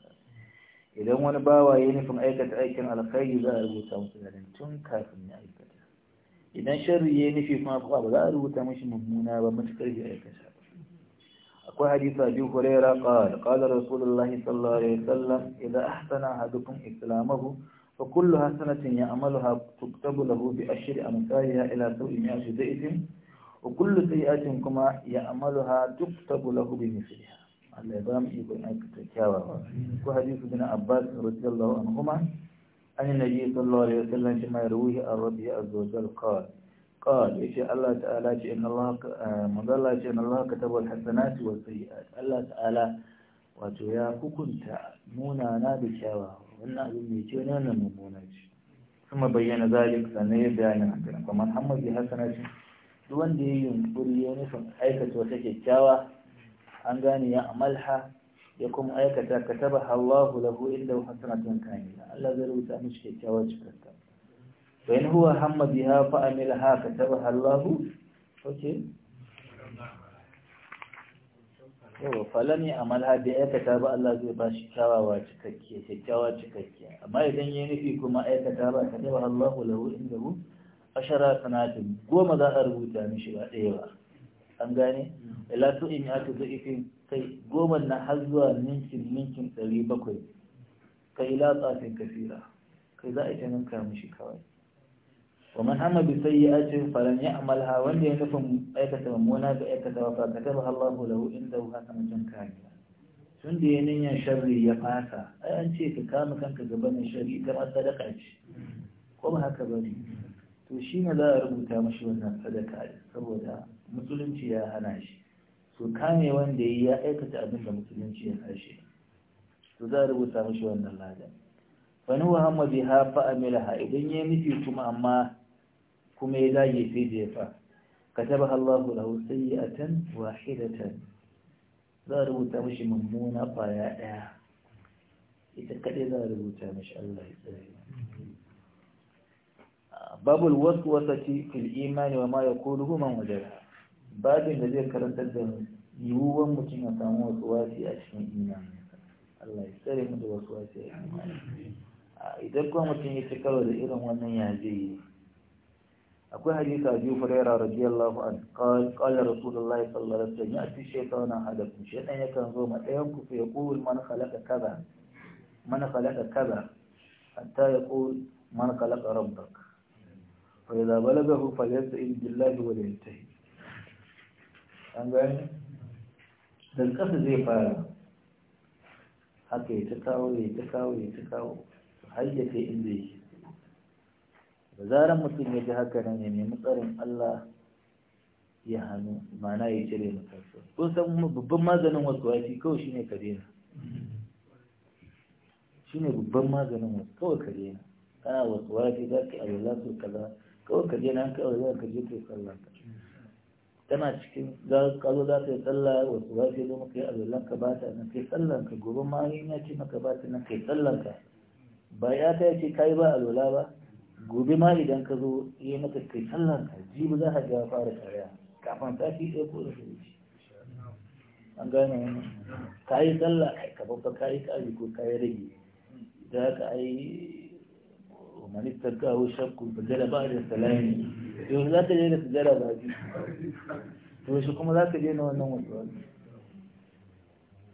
idan wani bawa ya nufin aikata aikin alkhairi za a rubuta musu tun kafin ya aikata idan sharri ya nufi kuma ba za a rubuta mashi mummuna ba matuƙar ya aikata akwai hadisa abi huraira qala qala rasulullahi sallallahu alaihi wasallam idza ahsana ahadukum islamahu fa kullu hasanatin ya'maluha tuktabu lahu bi ashri amsalha ila sawi mi'ati dha'fin wa kullu ajin kuma ya'maluha tuktabu lahu bi mithliha Allah ya ba mu ikon aikata kyawawa ko hadisi bin Abbas radiyallahu anhuma an nabi sallallahu alaihi wasallam shi mai ruhi ar-rabbi azza wa jalla qala قال يشي الله تعالى إن الله مضلة إن الله كتب الحسنات والسيئات الله تعالى وتويا كنت مونا نادي شاوا وانا أبني جونا نمونا ثم بين ذلك سنة بيانا كما محمد بحسنات duk wanda ya yunkuri ya nufin aikata wata kyakkyawa an gane ya amalha ya kuma aikata ka taba Allahu lahu inda hasanatun kamila Allah zai rubuta mishi kyakkyawa cikakka wa in huwa hamma biha fa amilha kataba Allahu okay yawa Falani ya amalha da aikata ba Allah zai ba shi kyawawa cikakke kyakkyawa cikakke amma idan ya nufi kuma aikata ba taba Allahu lahu inda ashara sanatin goma za a rubuta mishi ba ɗaya ba an gane ila su in ya ta zai kai goma na har zuwa ninkin ninkin ɗari bakwai kai ila tsafin kasira kai za a ita ninka mishi kawai wa man amma bi sayyi'atin falan amalha wanda ya nufin aikata mummuna ga aikata wa kataba Allahu lahu indahu jan kamila tun da ya niyan sharri ya fasa ai an ce ka kama kanka gaban shari'a kamar sadaka ce ko ba haka ne? to shi ne za a rubuta mashi wannan sadaka saboda musulunci ya hana shi to kame wanda ya yi ya aikata abin da musulunci ya kashe to za a rubuta mashi wannan lada wani wahamma bai hafa a milaha idan ya nufi kuma amma kuma ya zage sai da ya fa. ka taba Allahu lahu sayyatan wahidatan za a rubuta mashi mummuna kwaya ɗaya ita kaɗai za a rubuta mashi Allah ya tsare babul waswasati fil imani wa ma yaquluhu man wajada babin da zai karanta da yiwuwar mutum ya samu waswasi a cikin imani Allah ya tsare mu da waswasi a imani idan kuma mutum ya ci karo da irin wannan ya zai yi akwai hadisi a biyu furaira radiyallahu an qala rasulullahi sallallahu alaihi wasallam ya'ti shaytanu hadakum shaytan yakan zo ma ɗayan ku ya qul man khalaqa kaza man khalaqa kaza hatta yaqul man khalaqa rabbak fa idza balagahu falyasta'in billahi wa yantahi an gani dan kasa zai fara haka ya ta kawo ya ta kawo ya ta kawo har ya kai inda yake da zaran mutum ya ji haka nan ya nemi tsarin Allah ya hannu mana ya cire makarsa kun san babban maganin wasu wafi kawai shine ka daina shine babban maganin wasu kawai ka daina kana wasu wafi za ka yi kaza kawai ka je nan kawai za ka je kai sallah tana cikin ka za ka yi sallah wasu za ka yi zama kai azallan ka ba ta nan kai sallah ka gobe ma ya ce maka ba ta nan kai sallah ka ba ya ta ce kai ba alola ba gobe ma idan ka zo yi maka kai sallah ka jibi za ka ga fara shari'a kafin sati ɗaya ko da shi an gane wani ka yi sallah ka babba ka yi ko ka yi rage da haka ai ومن اتركه شك فجل بعد السلام يقول لا تجينا في جل بعد يقول شكم لا تجينا وانه مدرد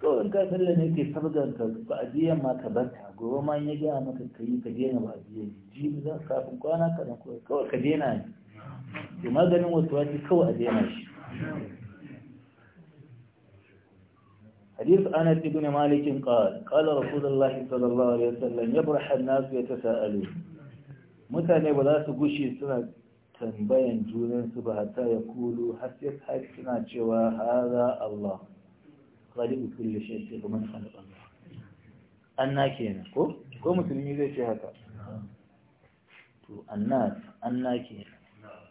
كون كافر لنيكي سبقا بعدية ما تبتها قوة ما يجي أما تتكيين تجينا بعدية جيب ذا كافر كوانا كنا كوانا كوانا كدينا وما قلنا وتواجي كوانا كدينا حديث أنا ابن مالك قال قال رسول الله صلى الله عليه وسلم يبرح الناس يتساءلون mutane ba za su gushe suna tambayan junansu ba hatta ya kulu har sai suna cewa haza Allah khaliqu kulli shay'in kuma khaliqa Allah anna kenan ko ko musulmi zai ce haka to anna anna kenan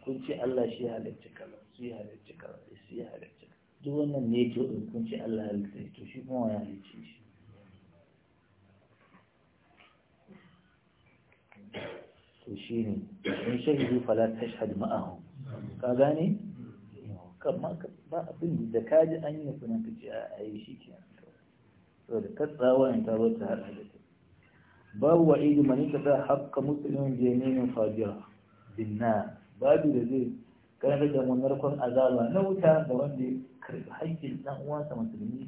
kun ce Allah shi halicci kaza shi halicci kaza shi halicci duk wannan ne to kun ce Allah halicci to shi kuma ya halicci shi تشيني من شهدوا فلا تشهد معهم فأغاني كما كما بين الذكاج أن يكون تجاه أي شيء كذا كذا وإن تروت هذا باب وعيد من كذا حق مسلم جنين فاجر بالنار باب الذي كان قد من ركن أزال نوتا بوندي كرب حيث نهوا سمسلمي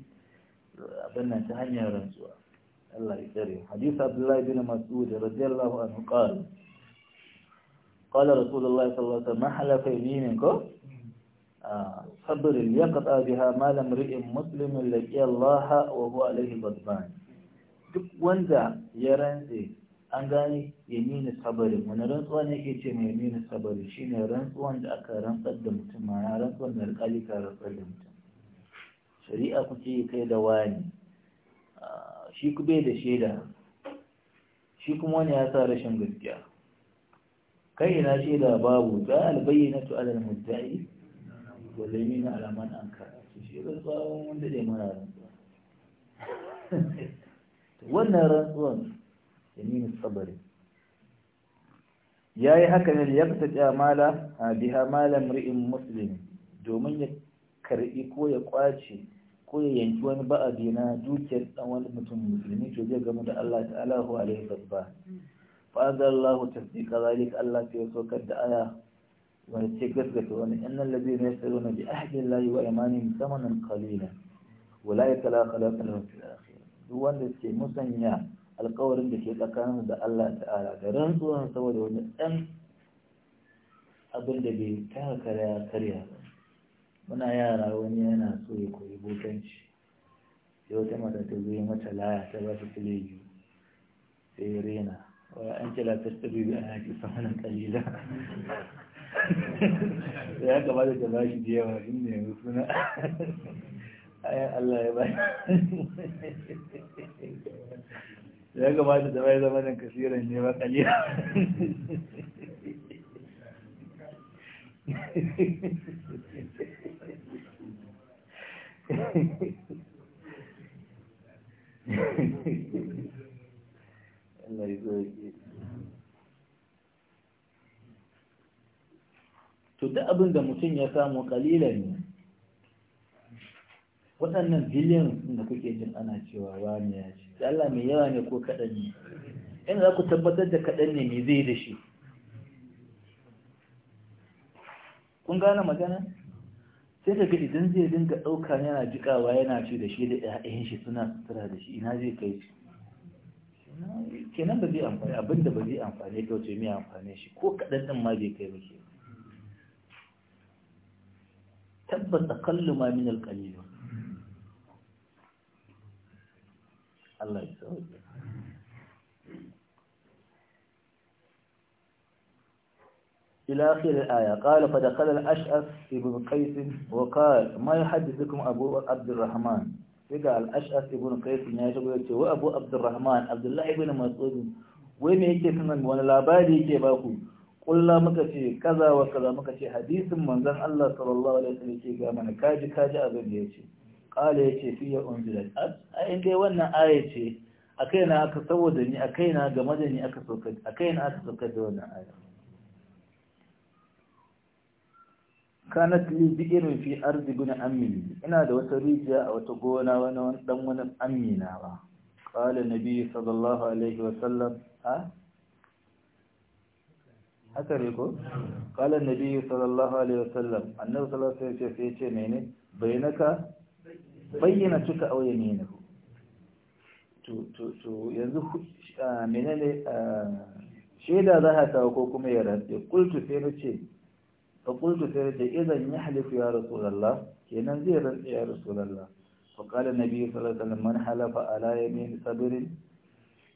بنا تهني رسول الله يكرم حديث عبد الله بن مسعود رضي الله عنه قال qala rasulullahi sallallahu alaihi wasallam mahalafa yaminin ko sabr yaqta biha ma lam ri'in muslimin laqiya Allah wa huwa alaihi ghadban duk wanda ya rantse an gane yamini sabari wani rantsuwa ne ke ce mai yamini sabari shine rantsuwan da aka rantsar da mutum ma'ana rantsuwan da alƙali ka rantsar da mutum shari'a ku ce kai da wani ah, shi ku bai da shaida shi kuma wani ya sa rashin gaskiya kai na shaida babu za a albayyana su alal mudda'i wa zaimina ala man ankara su shi tsawon wanda dai mara rantsuwa wannan rantsuwan ya nuna sabari ya yi haka ne ya fita jamala a biha malam ri'in muslim domin ya karbi ko ya kwace ko ya yanki wani ba'adi na dukiyar dan wani mutum musulmi to zai gamu da Allah ta'ala hu alaihi sabba فأنزل الله تصديق ذلك الله في سوكت آية ونتشكت كتون إن الذين يشترون بأحد الله وإيمانهم ثمنا قليلا ولا لا خلاق لهم في الآخرة دون ذلك مسنيا alkawarin da ke tsakanin da Allah ta'ala da rantsuwan saboda wani ɗan abinda bai taka karya karya ba muna yara wani yana so ya koyi bokanci sai wata mata ta zo mata laya ta ba ta filiyu sai وأنت لا تستوي بأهاتي ثمنا قليلا ya kamata ta ba shi da yawa inda ya suna ayan Allah ya ba ya kamata ta bai zama nan ne ba Thank you. to duk abin da mutum ya samu kalilan ne waɗannan biliyan da kuke jin ana cewa ne ya ce Allah mai yawa ne ko kaɗan ne in za ku tabbatar da kaɗan ne mai zai da shi kun gane magana sai ka ga idan zai dinga ɗauka yana jiƙawa yana ce da shi da 'ya'yan shi suna sutura da shi ina zai kai shi kenan ba zai amfani abin da ba zai amfani ka wace mai amfani shi ko kaɗan ɗin ma zai kai muke tabbata kallu ma min alƙalilu Allah ya sauke إلى آخر الآية قال فدخل الأشعث بن قيس وقال ما يحدثكم أبو عبد الرحمن sai ga al'ash'as ibn qais ya shigo ya ce wa abu abdurrahman abdullahi ibn mas'ud wai me yake sanan wani labari yake baku? ku kulla muka ce kaza wa kaza muka ce hadisin manzon Allah sallallahu alaihi wasallam yake ga mana kaji kaji abin da yace qala yace fi ya unzilat a inda wannan aya ce akai na aka saboda ni akai na game da ni aka sauka aka sauka da wannan aya kanat li bi'irin fi ardi guna ammi ina da wata rijiya a wata gona wani dan wani ammi ba qala nabi sallallahu alaihi wa sallam ha haka ne ko qala nabi sallallahu alaihi wa sallam annabi sallallahu alaihi wa sallam ya ce mene bayyana bayyana tuka auye yamina to to to yanzu menene shaida za ta ko kuma ya rantsa kultu sai nace fa qultu da idan ya halifu ya rasulullah kenan zai rantsa ya rasulullah fa qala nabi sallallahu alaihi wasallam man halafa ala yamin sabrin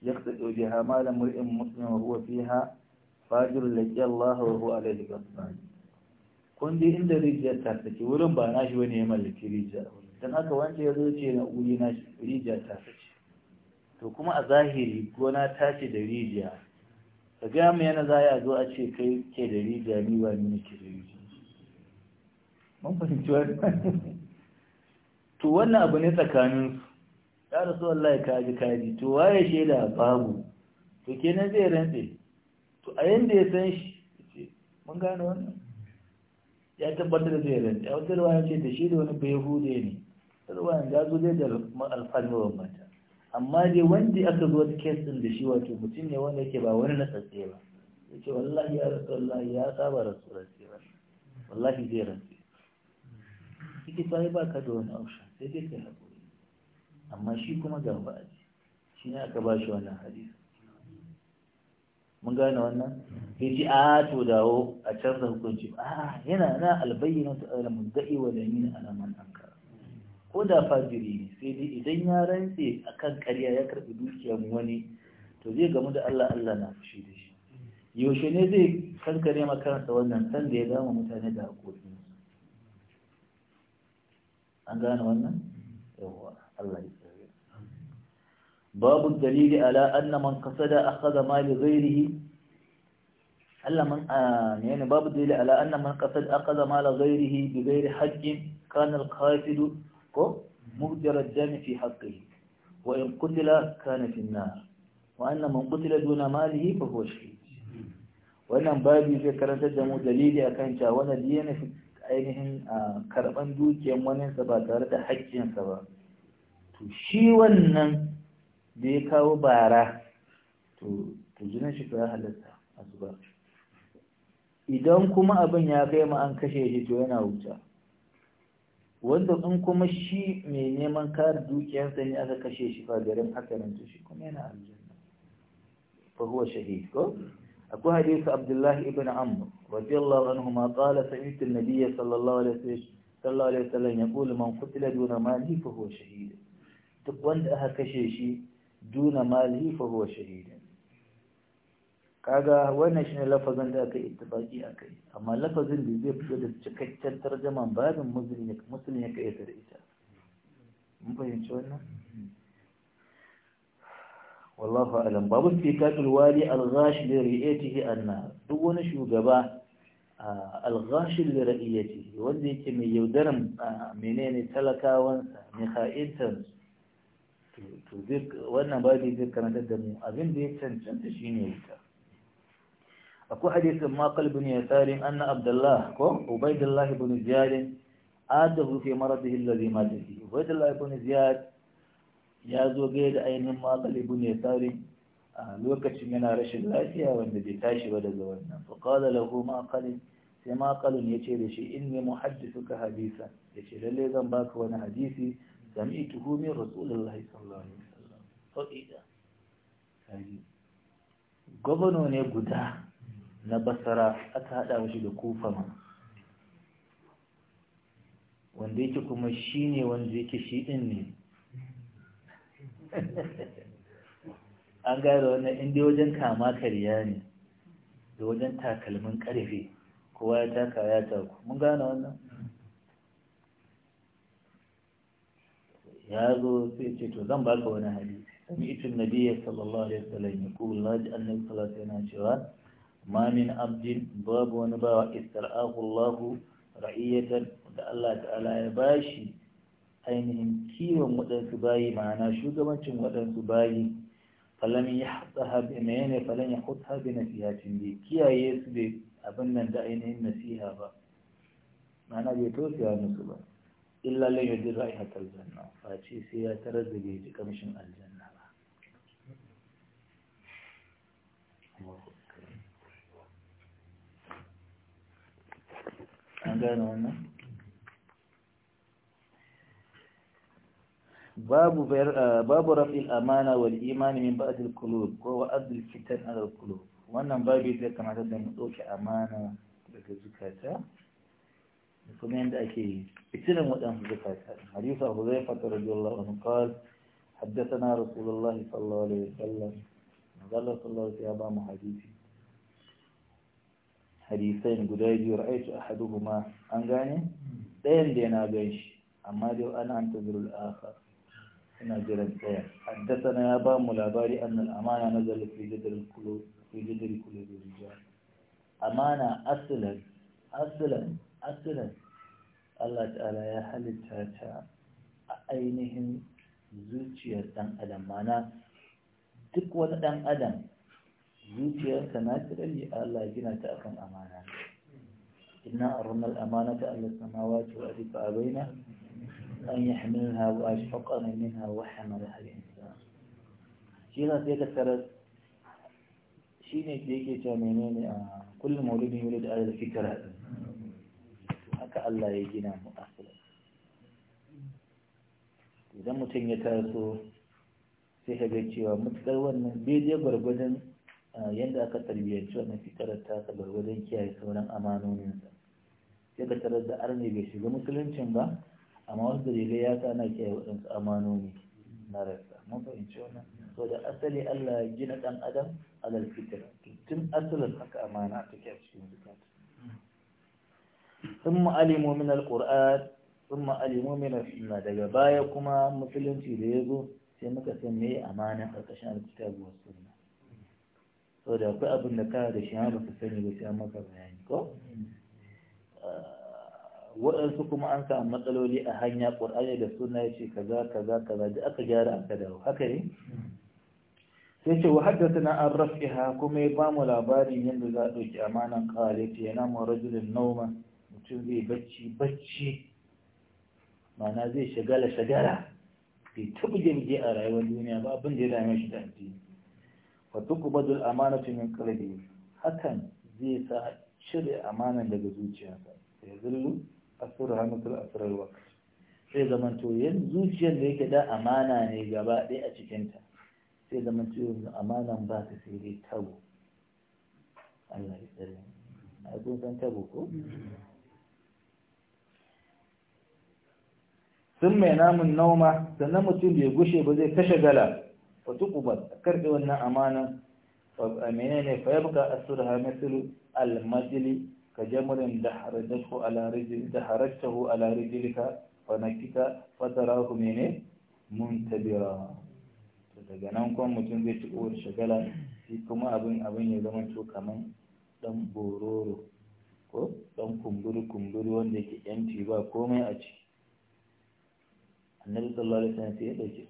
yaqtadu biha malam mar'in muslim wa huwa fiha fajir laqi Allah wa huwa alaihi ghadban kun dai inda rijiyar ta take wurin ba nashi bane ya mallaki rijiyar dan haka wanda ya zo ce na uri nashi rijiyar ta take to kuma a zahiri gona ta da rijiya ka gaya mu yana za a zo a ce kai ke da rija ni wa ni ke da rija mun fahimci wani to wannan abu ne tsakanin su ya rasu wallahi kaji kaji to waye shaida babu to kenan zai rantse to a yanda ya san shi mun gane wannan ya tabbatar da zai rantse a wata ruwa ce da shi da wani bai hude ne ruwa ya zo zai da alfanu mata amma dai wanda aka zo da kes din da shi wato mutum ne wanda yake ba wani natsatse ba yace wallahi ya rasu wallahi ya saba rasu rasu wallahi zai rasu yake tsaye ba ka da wani option sai dai ka hakuri amma shi kuma a ce, shi ne aka ba shi wannan hadisi mun gane wannan ya ce a to dawo a canza hukunci a yana na albayyana ta alamun da'i wa da yamin alaman anka. ko da fajiri sai dai idan ya rantse kan karya ya karɓi dukiyar wani to zai gamu da Allah Allah na fushi da shi yaushe ne zai kankare makaranta wannan san da ya gama mutane da haƙoƙi an gane wannan yawa Allah ya tsare babu dalili ala anna man qasada akhadha mali ghayrihi Allah man babu dalili ala anna man akhadha mali bi ghairi haqqin kana al-qasidu ko mujrar dami fi haƙƙi. wa in qutila kana fi an-nar wa anna man qutila duna malihi fa huwa shahid wannan babu zai karanta da mu dalili akan cewa wannan yana ainihin karban dukiyar wani ba tare da haƙƙinsa ba to shi wannan da ya kawo bara to to jinin shi ya halatta a zubar idan kuma abin ya kai ma an kashe shi to yana wuta wanda in kuma shi mai neman kare dukiyarsa ne aka kashe shi fagarin hakanan to shi kuma yana aljanna fa huwa shahid ko akwai hadisi abdullahi ibn amr radiyallahu anhu ma qala sami'tu an-nabiyya sallallahu alaihi sallallahu alaihi wasallam yaqulu man qutila duna mali fa huwa shahid duk wanda aka kashe shi duna malihi. fa huwa shahid kaga wannan shine lafazin da aka a kai, amma lafazin da zai fito da cikakken tarjaman babin musulmi musulmi ya kai da ita mun fahimci wannan wallahu alam babu fikatul wali al-ghash li ra'iyatihi anna duk wani shugaba al-ghash li ra'iyatihi wanda yake mai yaudaran menene talakawansa mai to duk wannan babu zai karanta da mu abin da ya cancanta shine ita akwai hadisin makal bin yasarin anna abdullah ko ubaidullah ibn ziyad adahu fi maradihi alladhi mata fi ubaidullah ibn ziyad ya zo ga da ainihin makal ibn yasarin a lokacin yana rashin lafiya wanda bai tashi ba daga wannan fa qala lahu maqalin sai maqalun yace da shi inni muhaddithuka hadisa yace lalle zan baka wani hadisi sami'tuhu min rasulillahi sallallahu alaihi wasallam fa'ida gwamna ne guda na basara aka haɗa mashi da kufa ma wanda yake kuma shi ne wanda yake shi ɗin ne an da wannan inda wajen kama kariya ne da wajen takalmin ƙarfe kowa ya taka ya taku mun gane wannan ya zo sai ce to zan baka wani hadisi sami itin nabiya sallallahu alaihi wasallam ya kula da annabi sallallahu alaihi wasallam cewa mamin abdin babu wani bawa istar'ahu Allahu ra'iyatan da Allah ta'ala ya bashi ainihin kiwon waɗansu bayi ma'ana shugabancin waɗansu bayi falan ya haɗa bi mene falan ya hutsa bi nasihatin bai kiyaye su bai abin nan da ainihin nasiha ba ma'ana bai tosiya musu ba illa lai yadda ra'ihatar janna face sai ya tarar da bai ji kamshin aljanna gane wannan babu babu rafil amana wal imani min ba'd al qulub ko wa adl fitan al qulub wannan babu zai kamata da mu dauke amana daga zukata kuma yanda ake fitinan waɗansu zukata hadisa huzaifa radiyallahu anhu qala حدثنا رسول الله صلى الله عليه وسلم قال صلى الله عليه وسلم حديثي hadisain guda biyu ahadu ahaduhuma an gane ɗayan da yana gan shi amma dai ana hanta tazirul akhar ina jiran ɗaya na ya ba mu labari annal amana nazala fi jadal kulub fi jadal rijal amana aslan aslan aslan Allah ta'ala ya halitta ta a ainihin zuciyar ɗan adam mana duk wani ɗan adam جيتي سماتر اللي الله يجينا تأخذ أمانة إنا أرمنا الأمانة على السماوات وأدي فأبينا أن يحملها وأشفق أن منها وحملها الإنسان شيخة سيكا سرس شيني تيكي تامينين آه، كل مولود يولد على آية الفكرة هكا الله يجينا مؤثرة إذا متنجتاسو سيحبتشي ومتكوى من بيدي قرقودن Eh, yadda aka tarbiyyanci wannan fitarar ta sabar wajen kiyaye sauran amanoninsa sai ka tarar da arne bai shiga musuluncin ba amma wasu dalilai ya sa ana kiyaye waɗansu amanoni na rasa mun fahimci wannan so da asali Allah ya gina ɗan adam alal fitar, tun asalin haka amana kiyaye su cikin zukata Sun ma'alimu min alƙur'an sun ma'alimu min alƙur'an daga baya kuma musulunci da ya zo sai muka san me amana ƙarƙashin alkitabu wasu sunna sau da akwai abin da kara da shi ba ka sani ba sai an maka bayani ko ah, waɗansu kuma an samu matsaloli a hanya ƙur'ani da suna ya ce kaza kaza kaza da aka gyara aka dawo haka ne sai ce wa haddasa na an rafi ha kuma ya ba mu labarin yadda za a ɗauki amanan ƙare ce yana mu rajulin nauma mutum zai bacci bacci mana zai shagala shagala bai taɓa jirgi a rayuwar duniya ba abin da ya dame shi da addini amana amanatu min qalbi hakan zai sa cire amanan daga zuciyarsa ya zullu asr hamatul asr waqt sai zaman to yanzu zuciyar da yake da amana ne gaba ɗaya a cikinta sai zaman to yanzu amanan ba ta sai dai tabo Allah ya tsare a kun san tabo ko sun mai namun nauma sannan mutum bai gushe ba zai kashe gala fa tuqbal karbi wannan amana fa menene fa yabqa asruha mithlu al majli ka jamrin daharajtahu ala rijli daharajtahu ala rijlika fa nakika fa tarahu mene muntabira to daga nan kuma mutum zai ci uwar shagala shi kuma abin abin ya zama to kaman dan bororo ko dan kumburi kumburi wanda yake yanci ba komai a ciki annabi sallallahu alaihi wasallam sai ya dauki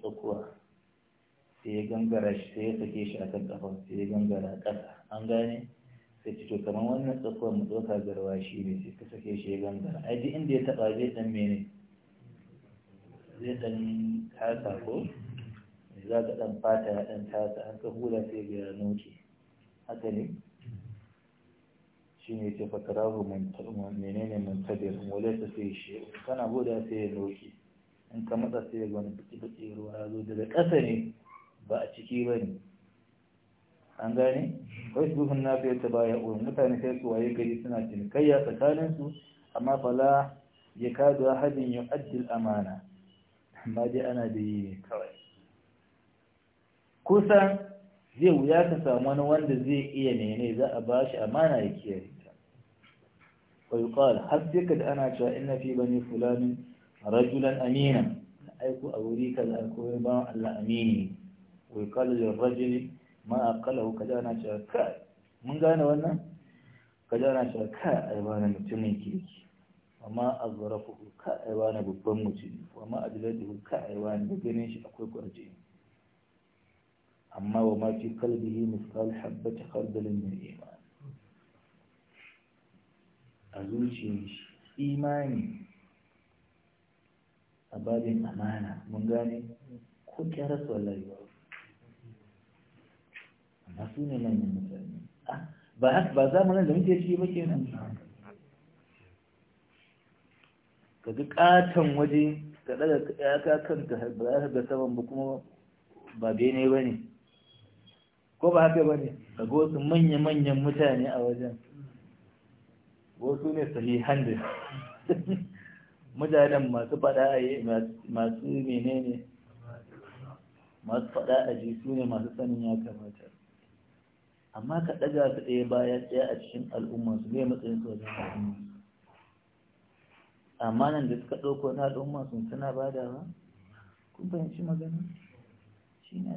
sai ya gangara shi sai ya sake shi a kan kafan sai ya gangara ƙasa an gane sai ci to kamar wannan tsakuwar mu tsoka garwa shi ne sai ka sake shi ya gangara ai duk inda ya taɓa zai ɗan mene zai ɗan tasa ko za ka ɗan fata ya ɗan tasa an ka hula sai ya ya nauki haka ne shi ne ce fakarahu menene muntadir wale ta sai shi kana buɗa sai ya nauki. in ka matsa sai ya gwani baki baki ruwa ya zo daga ƙasa ne ba a ciki ba ne an gane wasu buhun na fiye ta baya uwan mutane sai su waye gari suna cinikayya tsakaninsu amma fala ya kada hadin yi addil amana amma dai ana da yi kawai kusan zai wuya ka samu wani wanda zai iya nene za a ba shi amana ya kiyaye ta wai kawai har sai ka da ana cewa ina fi bane fulani rajulan amina aiko a wuri kaza ko ban Allah amini wai kalilin ne ma a kalahu ka jana cewa ka mun gane wannan ka jana cewa ka wani mutumin kirki amma a zarafu ka wani babban mutum amma a jiladu ka aibana da ganin shi akwai kwarje amma wa ma fi kalbihi misal habbata khardalin mai iman a zuciyar shi imani a babin amana mun gane ko kyara su ba ba su ne manyan mutane ah, ba haka ba nan da muke shi ba kenan ka ga katon waje ka daga ka kanka ba za ka ga saman ba kuma ba bene ba ne ko ba haka ba ne ka ga wasu manya-manyan mutane a wajen wasu ne sahihan hande mutanen masu fada a yi masu menene masu fada a ji su ne masu sanin ya kamata amma ka ɗaga su ɗaya bayan ɗaya a cikin al'ummansu zai matsayin su wajen al'ummansu amma nan da suka ɗauko na al'ummansu suna ba da ba kun fahimci magana shi ne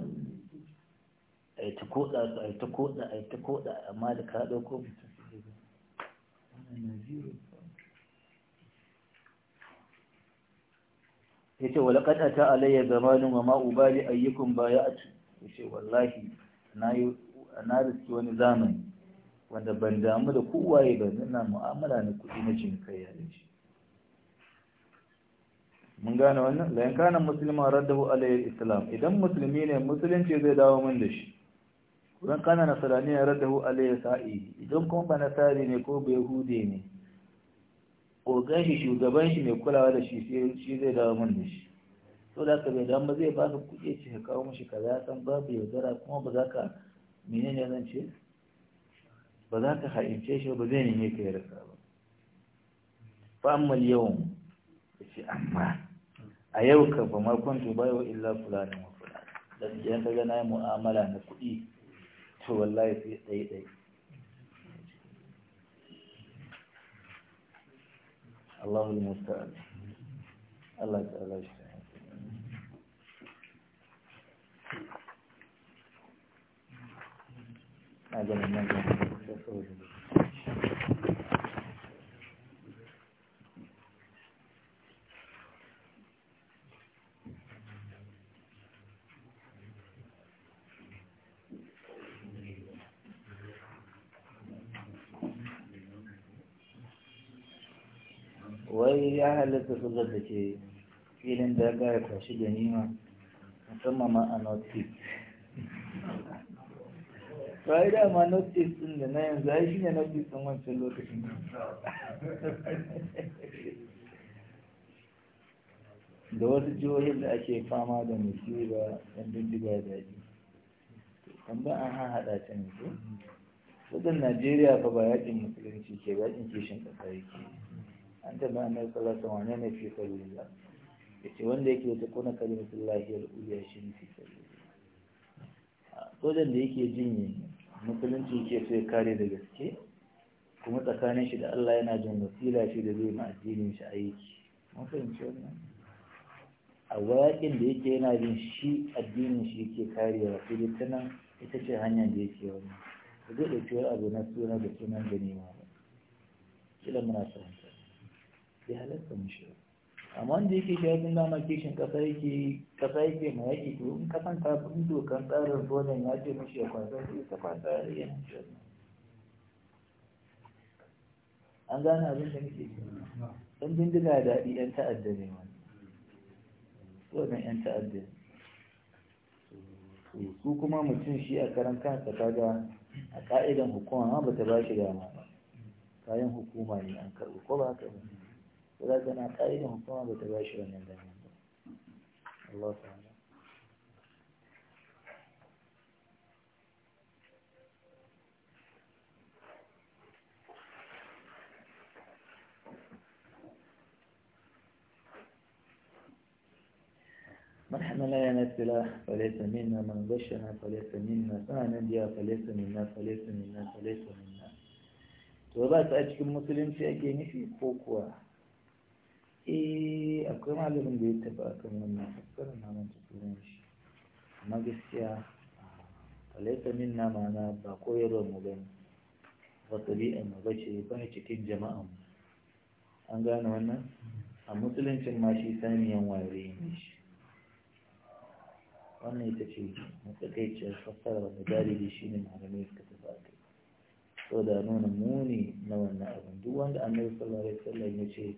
a yi ta koɗa su a yi ta koɗa a yi ta koɗa amma da ka ɗauko mutum su zai ya ce wala ƙaɗa ta alayya zamanin wa ma'ubali ayyukun baya a ce wallahi na yi na riski wani zamani wanda ban damu da kowaye ba ina mu'amala na kuɗi na cinikayya da shi mun gane wannan layan kanan musulman raddahu alayyar islam idan musulmi ne musulunci zai dawo min da shi kuran kana nasarani ya raddahu alayyar sa'i idan kuma ba nasari ne ko ba yahude ne ogan shi shugaban shi mai kulawa da shi shi zai dawo min da shi so da ka bai damu zai ba ka kuɗi ce ka kawo mashi kaza san babu yaudara kuma ba za ka ne zan ce ba za ka haince shi ba zai ne ka yi rasa ba fa amma yawan ya ce amma a yau ka ba makon ba yau illa fulani ma fulani da idan ka gana mu'amala na kuɗi to wallahi su ɗai ɗai Allahul Musta'an Allah shi أجل النجوى wai ya halatta su da ke filin daga ya kwashi ganima musamman ma a north bai dama notis din da na yanzu ai shine notice din wancan lokacin da wasu jihohin da ake fama da musiba yan bindiga daji an ba an haɗa ta yanzu wajen najeriya fa ba yakin musulunci ke yakin kishin ƙasa yake an taɓa annabi sallallahu alaihi wasallam ne fi Ya ce wanda yake ta kuna kalimatullahi al-uliya shi ne fi sabilillah sojan da yake jinye musulunci ke so ya kare da gaske kuma tsakanin shi da Allah yana jin wasila shi da zai ma addinin shi aiki mun fahimci wannan a wayakin da yake yana jin shi addinin shi yake karewa sai ta nan ita ce hanyar da yake wannan ba zai ɗauki wani abu na suna da sunan ganima ba kila muna fahimta Ya halatta mu shi amma wanda yake yakin dama kishin kasa yake kasa yake ma yake to in ka san fi dokan tsarin sojan ya ce mashi ya kwasa sai ta kwasa ya rage mashi an gane abin da nake Sun bindiga daɗi ‘yan ta'adda ne wani sojan ‘yan ta'adda su kuma mutum shi a karan kansa kaga a ka'idan hukuma ma ba ta ba shi dama kayan hukuma ne an karɓi ko ba ka yi? ولازم عقائدهم كما بتباشر من الله تعالى من لا لنا فليس منا من غشنا فليس منا ديا فليس منا فليس منا فليس منا وبس أجل المسلم في أجل نفي eh akwai malamin da ya taba akan wannan fassarar na manta turan shi amma gaskiya falaita min na ba koyarwar mu gani ba ɗabi'ar mu bace ba cikin jama'a mu an gane wannan a musuluncin ma shi saniyan ware ne shi wannan ita ce matsakaiciyar fassara wanda galibi shi ne malamai suka taɓa akai so da nuna muni na wannan abin duk wanda annabi sallallahu alaihi wasallam ya ce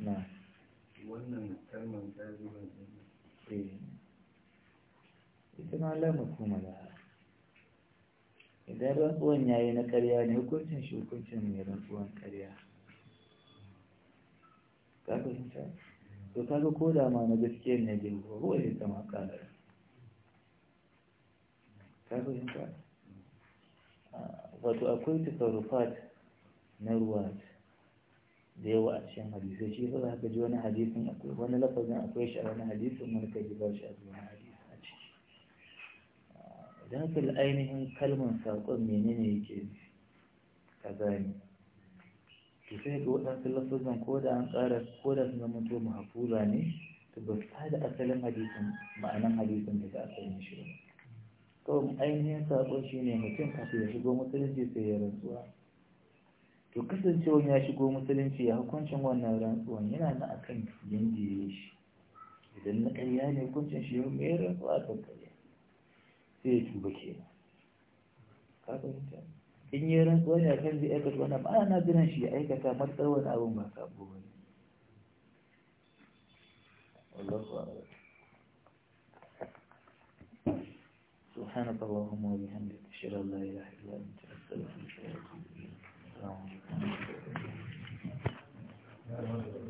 na wannan kalmar jazuban ne eh. ita ma lamu kuma da idan rantsuwan ya yi na karya ne hukuncin shi hukuncin mai rantsuwan karya ka fahimta to kaga ko da ma na gaske ne jin ruwa ne kama kanar ka fahimta ah, wato akwai tasarrufat na ruwa da yawa a cikin hadisai shi yasa zaka ji wani hadisin akwai wani lafazin akwai shi a wani hadisin wani kaji ba shi a wani hadisi a ciki idan ka ainihin kalmar saƙon menene yake ka ne Ki sai ga waɗansu lafazin ko da an ƙara ko da sun zama to mahafura ne to ba su da asalin hadisin ma'anan hadisin daga asalin shi ba kawai ainihin saƙon shi ne mutum kafin ya shigo musulunci sai ya rantsuwa to kasancewa ya shigo musulunci ya hukuncin wannan rantsuwan yana na a kan ya shi idan na ƙarya ne hukuncin shi yau mai rantsuwa a kan ƙarya sai ya tuba ke ka kasance. in yi rantsuwa ne akan zai aikata wannan ba na jiran shi ya aikata matsar wani abin ba sabo ba ne سبحانك اللهم وبحمدك اشهد ان لا اله الا انت استغفرك واتوب اليك Thank you.